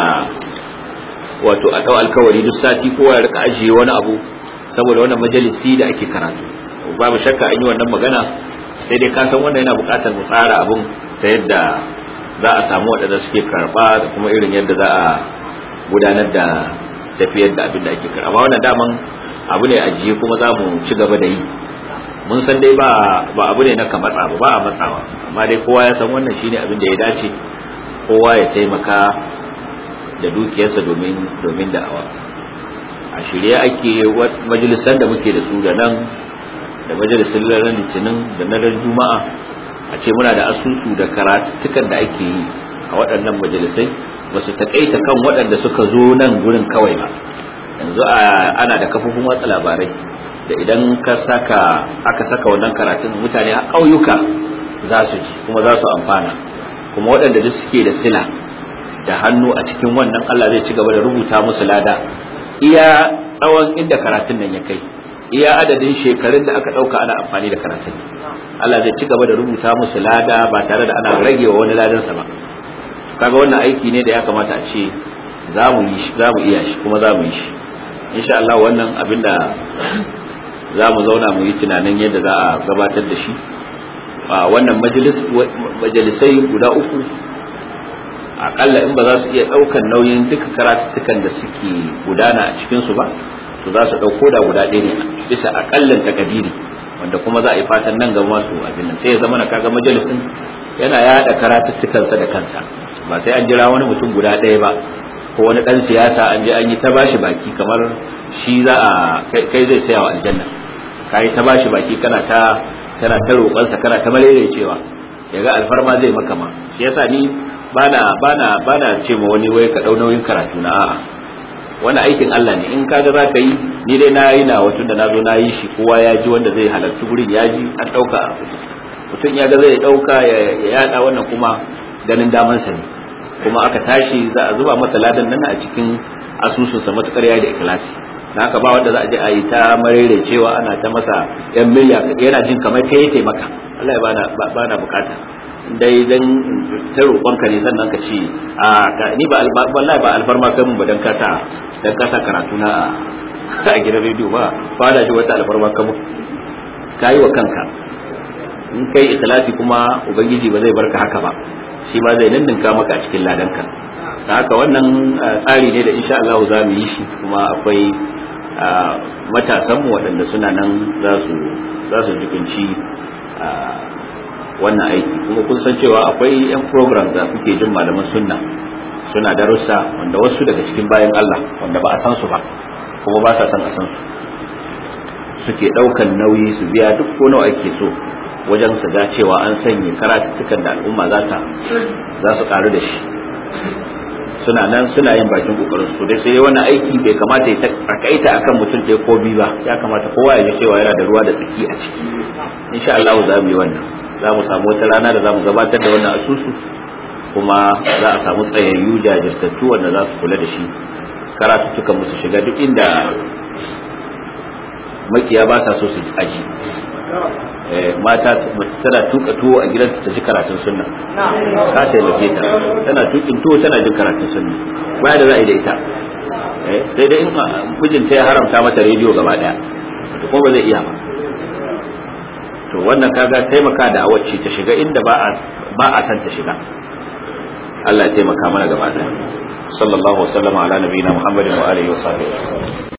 wato a dau alkawari duk sati kowa ya rika ajiye wani abu saboda wannan majalisi da ake karatu babu shakka an yi wannan magana sai dai ka san wannan yana buƙatar mu tsara abun ta yadda za a samu waɗanda suke karɓa da kuma irin yadda za a gudanar da tafiyar da abin da ake karba wannan daman abu ne ajiye kuma za mu ci gaba da yi mun san dai ba abu ne na kamatsa ba ba a matsawa amma dai kowa ya san wannan shine abin da ya dace kowa ya taimaka da dukiyarsa domin da'awa a shirye ake majalisar da muke da su da nan da majalisar ranar litinin da na ran juma'a a ce muna da asusu da karatukan da ake yi a waɗannan majalisai ba su taƙaita kan waɗanda suka zo nan gurin kawai ba yanzu ana da kafofin watsa labarai da idan ka saka aka saka wannan karatun mutane a ƙauyuka za su ci kuma za su amfana kuma waɗanda duk suke da sila da hannu a cikin wannan Allah zai ci gaba da rubuta musu lada iya tsawon inda karatun nan ya kai iya adadin shekarun da aka ɗauka ana amfani da karatun Allah zai ci gaba da rubuta musu lada ba tare da ana ragewa wa wani sa ba kaga wannan aiki ne da ya kamata a ce za mu yi shi za mu iya shi kuma za mu yi shi insha Allah wannan abinda za mu zauna mu yi tunanin yadda za a gabatar da shi wannan majalisai guda uku akalla in ba za su iya ɗaukan nauyin duka karatuttukan da suke gudana a cikinsu ba to za su ɗauko da guda ɗaya ne bisa ta takadiri wanda kuma za a yi fatan nan gaba su ajin sai ya zama na kaga majalisin yana yaɗa karatuttukansa da kansa ba sai an jira wani mutum guda ɗaya ba ko wani ɗan siyasa an je an yi ta bashi baki kamar shi za a kai zai saya wa aljanna ka yi ta bashi baki kana ta kana ta roƙonsa kana ta cewa ya ga alfarma zai maka ma shi yasa ni bana bana ce ma wani wai ka dau nauyin karatu na a'a wani aikin Allah ne in ka ga ka yi ni dai na yi na wato da na zo na yi shi kowa ya ji wanda zai halarci gurin ya ji an kusa. mutum ya ga zai ɗauka ya yaɗa wannan kuma ganin daman sa ne kuma aka tashi za a zuba masa ladan nan a cikin asusunsa sa ya da ikhlasi na haka ba wanda za a je a yi ta marere cewa ana ta masa yan miliya yana jin kamar kai yake maka Allah ya bana na bukata dai dan ta roƙonka ne sannan ka ci. a ni ba wallahi ba alfarma kai mun ba dan kasa dan kasa karatu na *laughs* a gidan rediyo ba ba da shi wata alfarma kai kai wa kanka in kai ikhlasi kuma ubangiji ba zai barka haka ba shi ma zai ninninka maka a cikin ladanka haka wannan tsari ne da insha Allah za mu yi shi kuma akwai matasanmu waɗanda suna nan za su jikunci wannan aiki kuma kun san cewa akwai 'yan program da kuke jin malaman sunna suna darussa wanda wasu daga cikin bayan Allah wanda ba a san su ba kuma ba sa san a san su suke ɗaukan nauyi su biya duk ko nawa ake so wajen su cewa an sanya karatuttukan da al'umma za za su ƙaru da shi suna nan suna yin bakin kokarin su dai sai wani wannan aiki bai kamata ya takaita akan mutum ɗaya ko biyu ba ya kamata kowa ya ji cewa yana da ruwa da tsaki a ciki insha Allah za mu yi wannan za mu samu wata rana da za mu gabatar da wannan asusu kuma za a samu tsayayyu jajirtattu wanda za su kula da shi karatu tukan musu shiga duk inda makiya ba sa so su aji Eh, mata tana tuka tuwo a gidansa ta ji karatun sunna ka taimake ta tana tukin tuwo tana jin karatun sunna baya da za a yi da ita eh, sai dai in ah, ta ya haramta mata rediyo gaba daya to kuma ba zai iya ba to wannan kaga taimaka da awacci ta shiga inda ba a ba a san ta shiga Allah ya taimaka mana gaba daya sallallahu alaihi wa sallam ala nabiyina muhammadin wa alihi wa sahbihi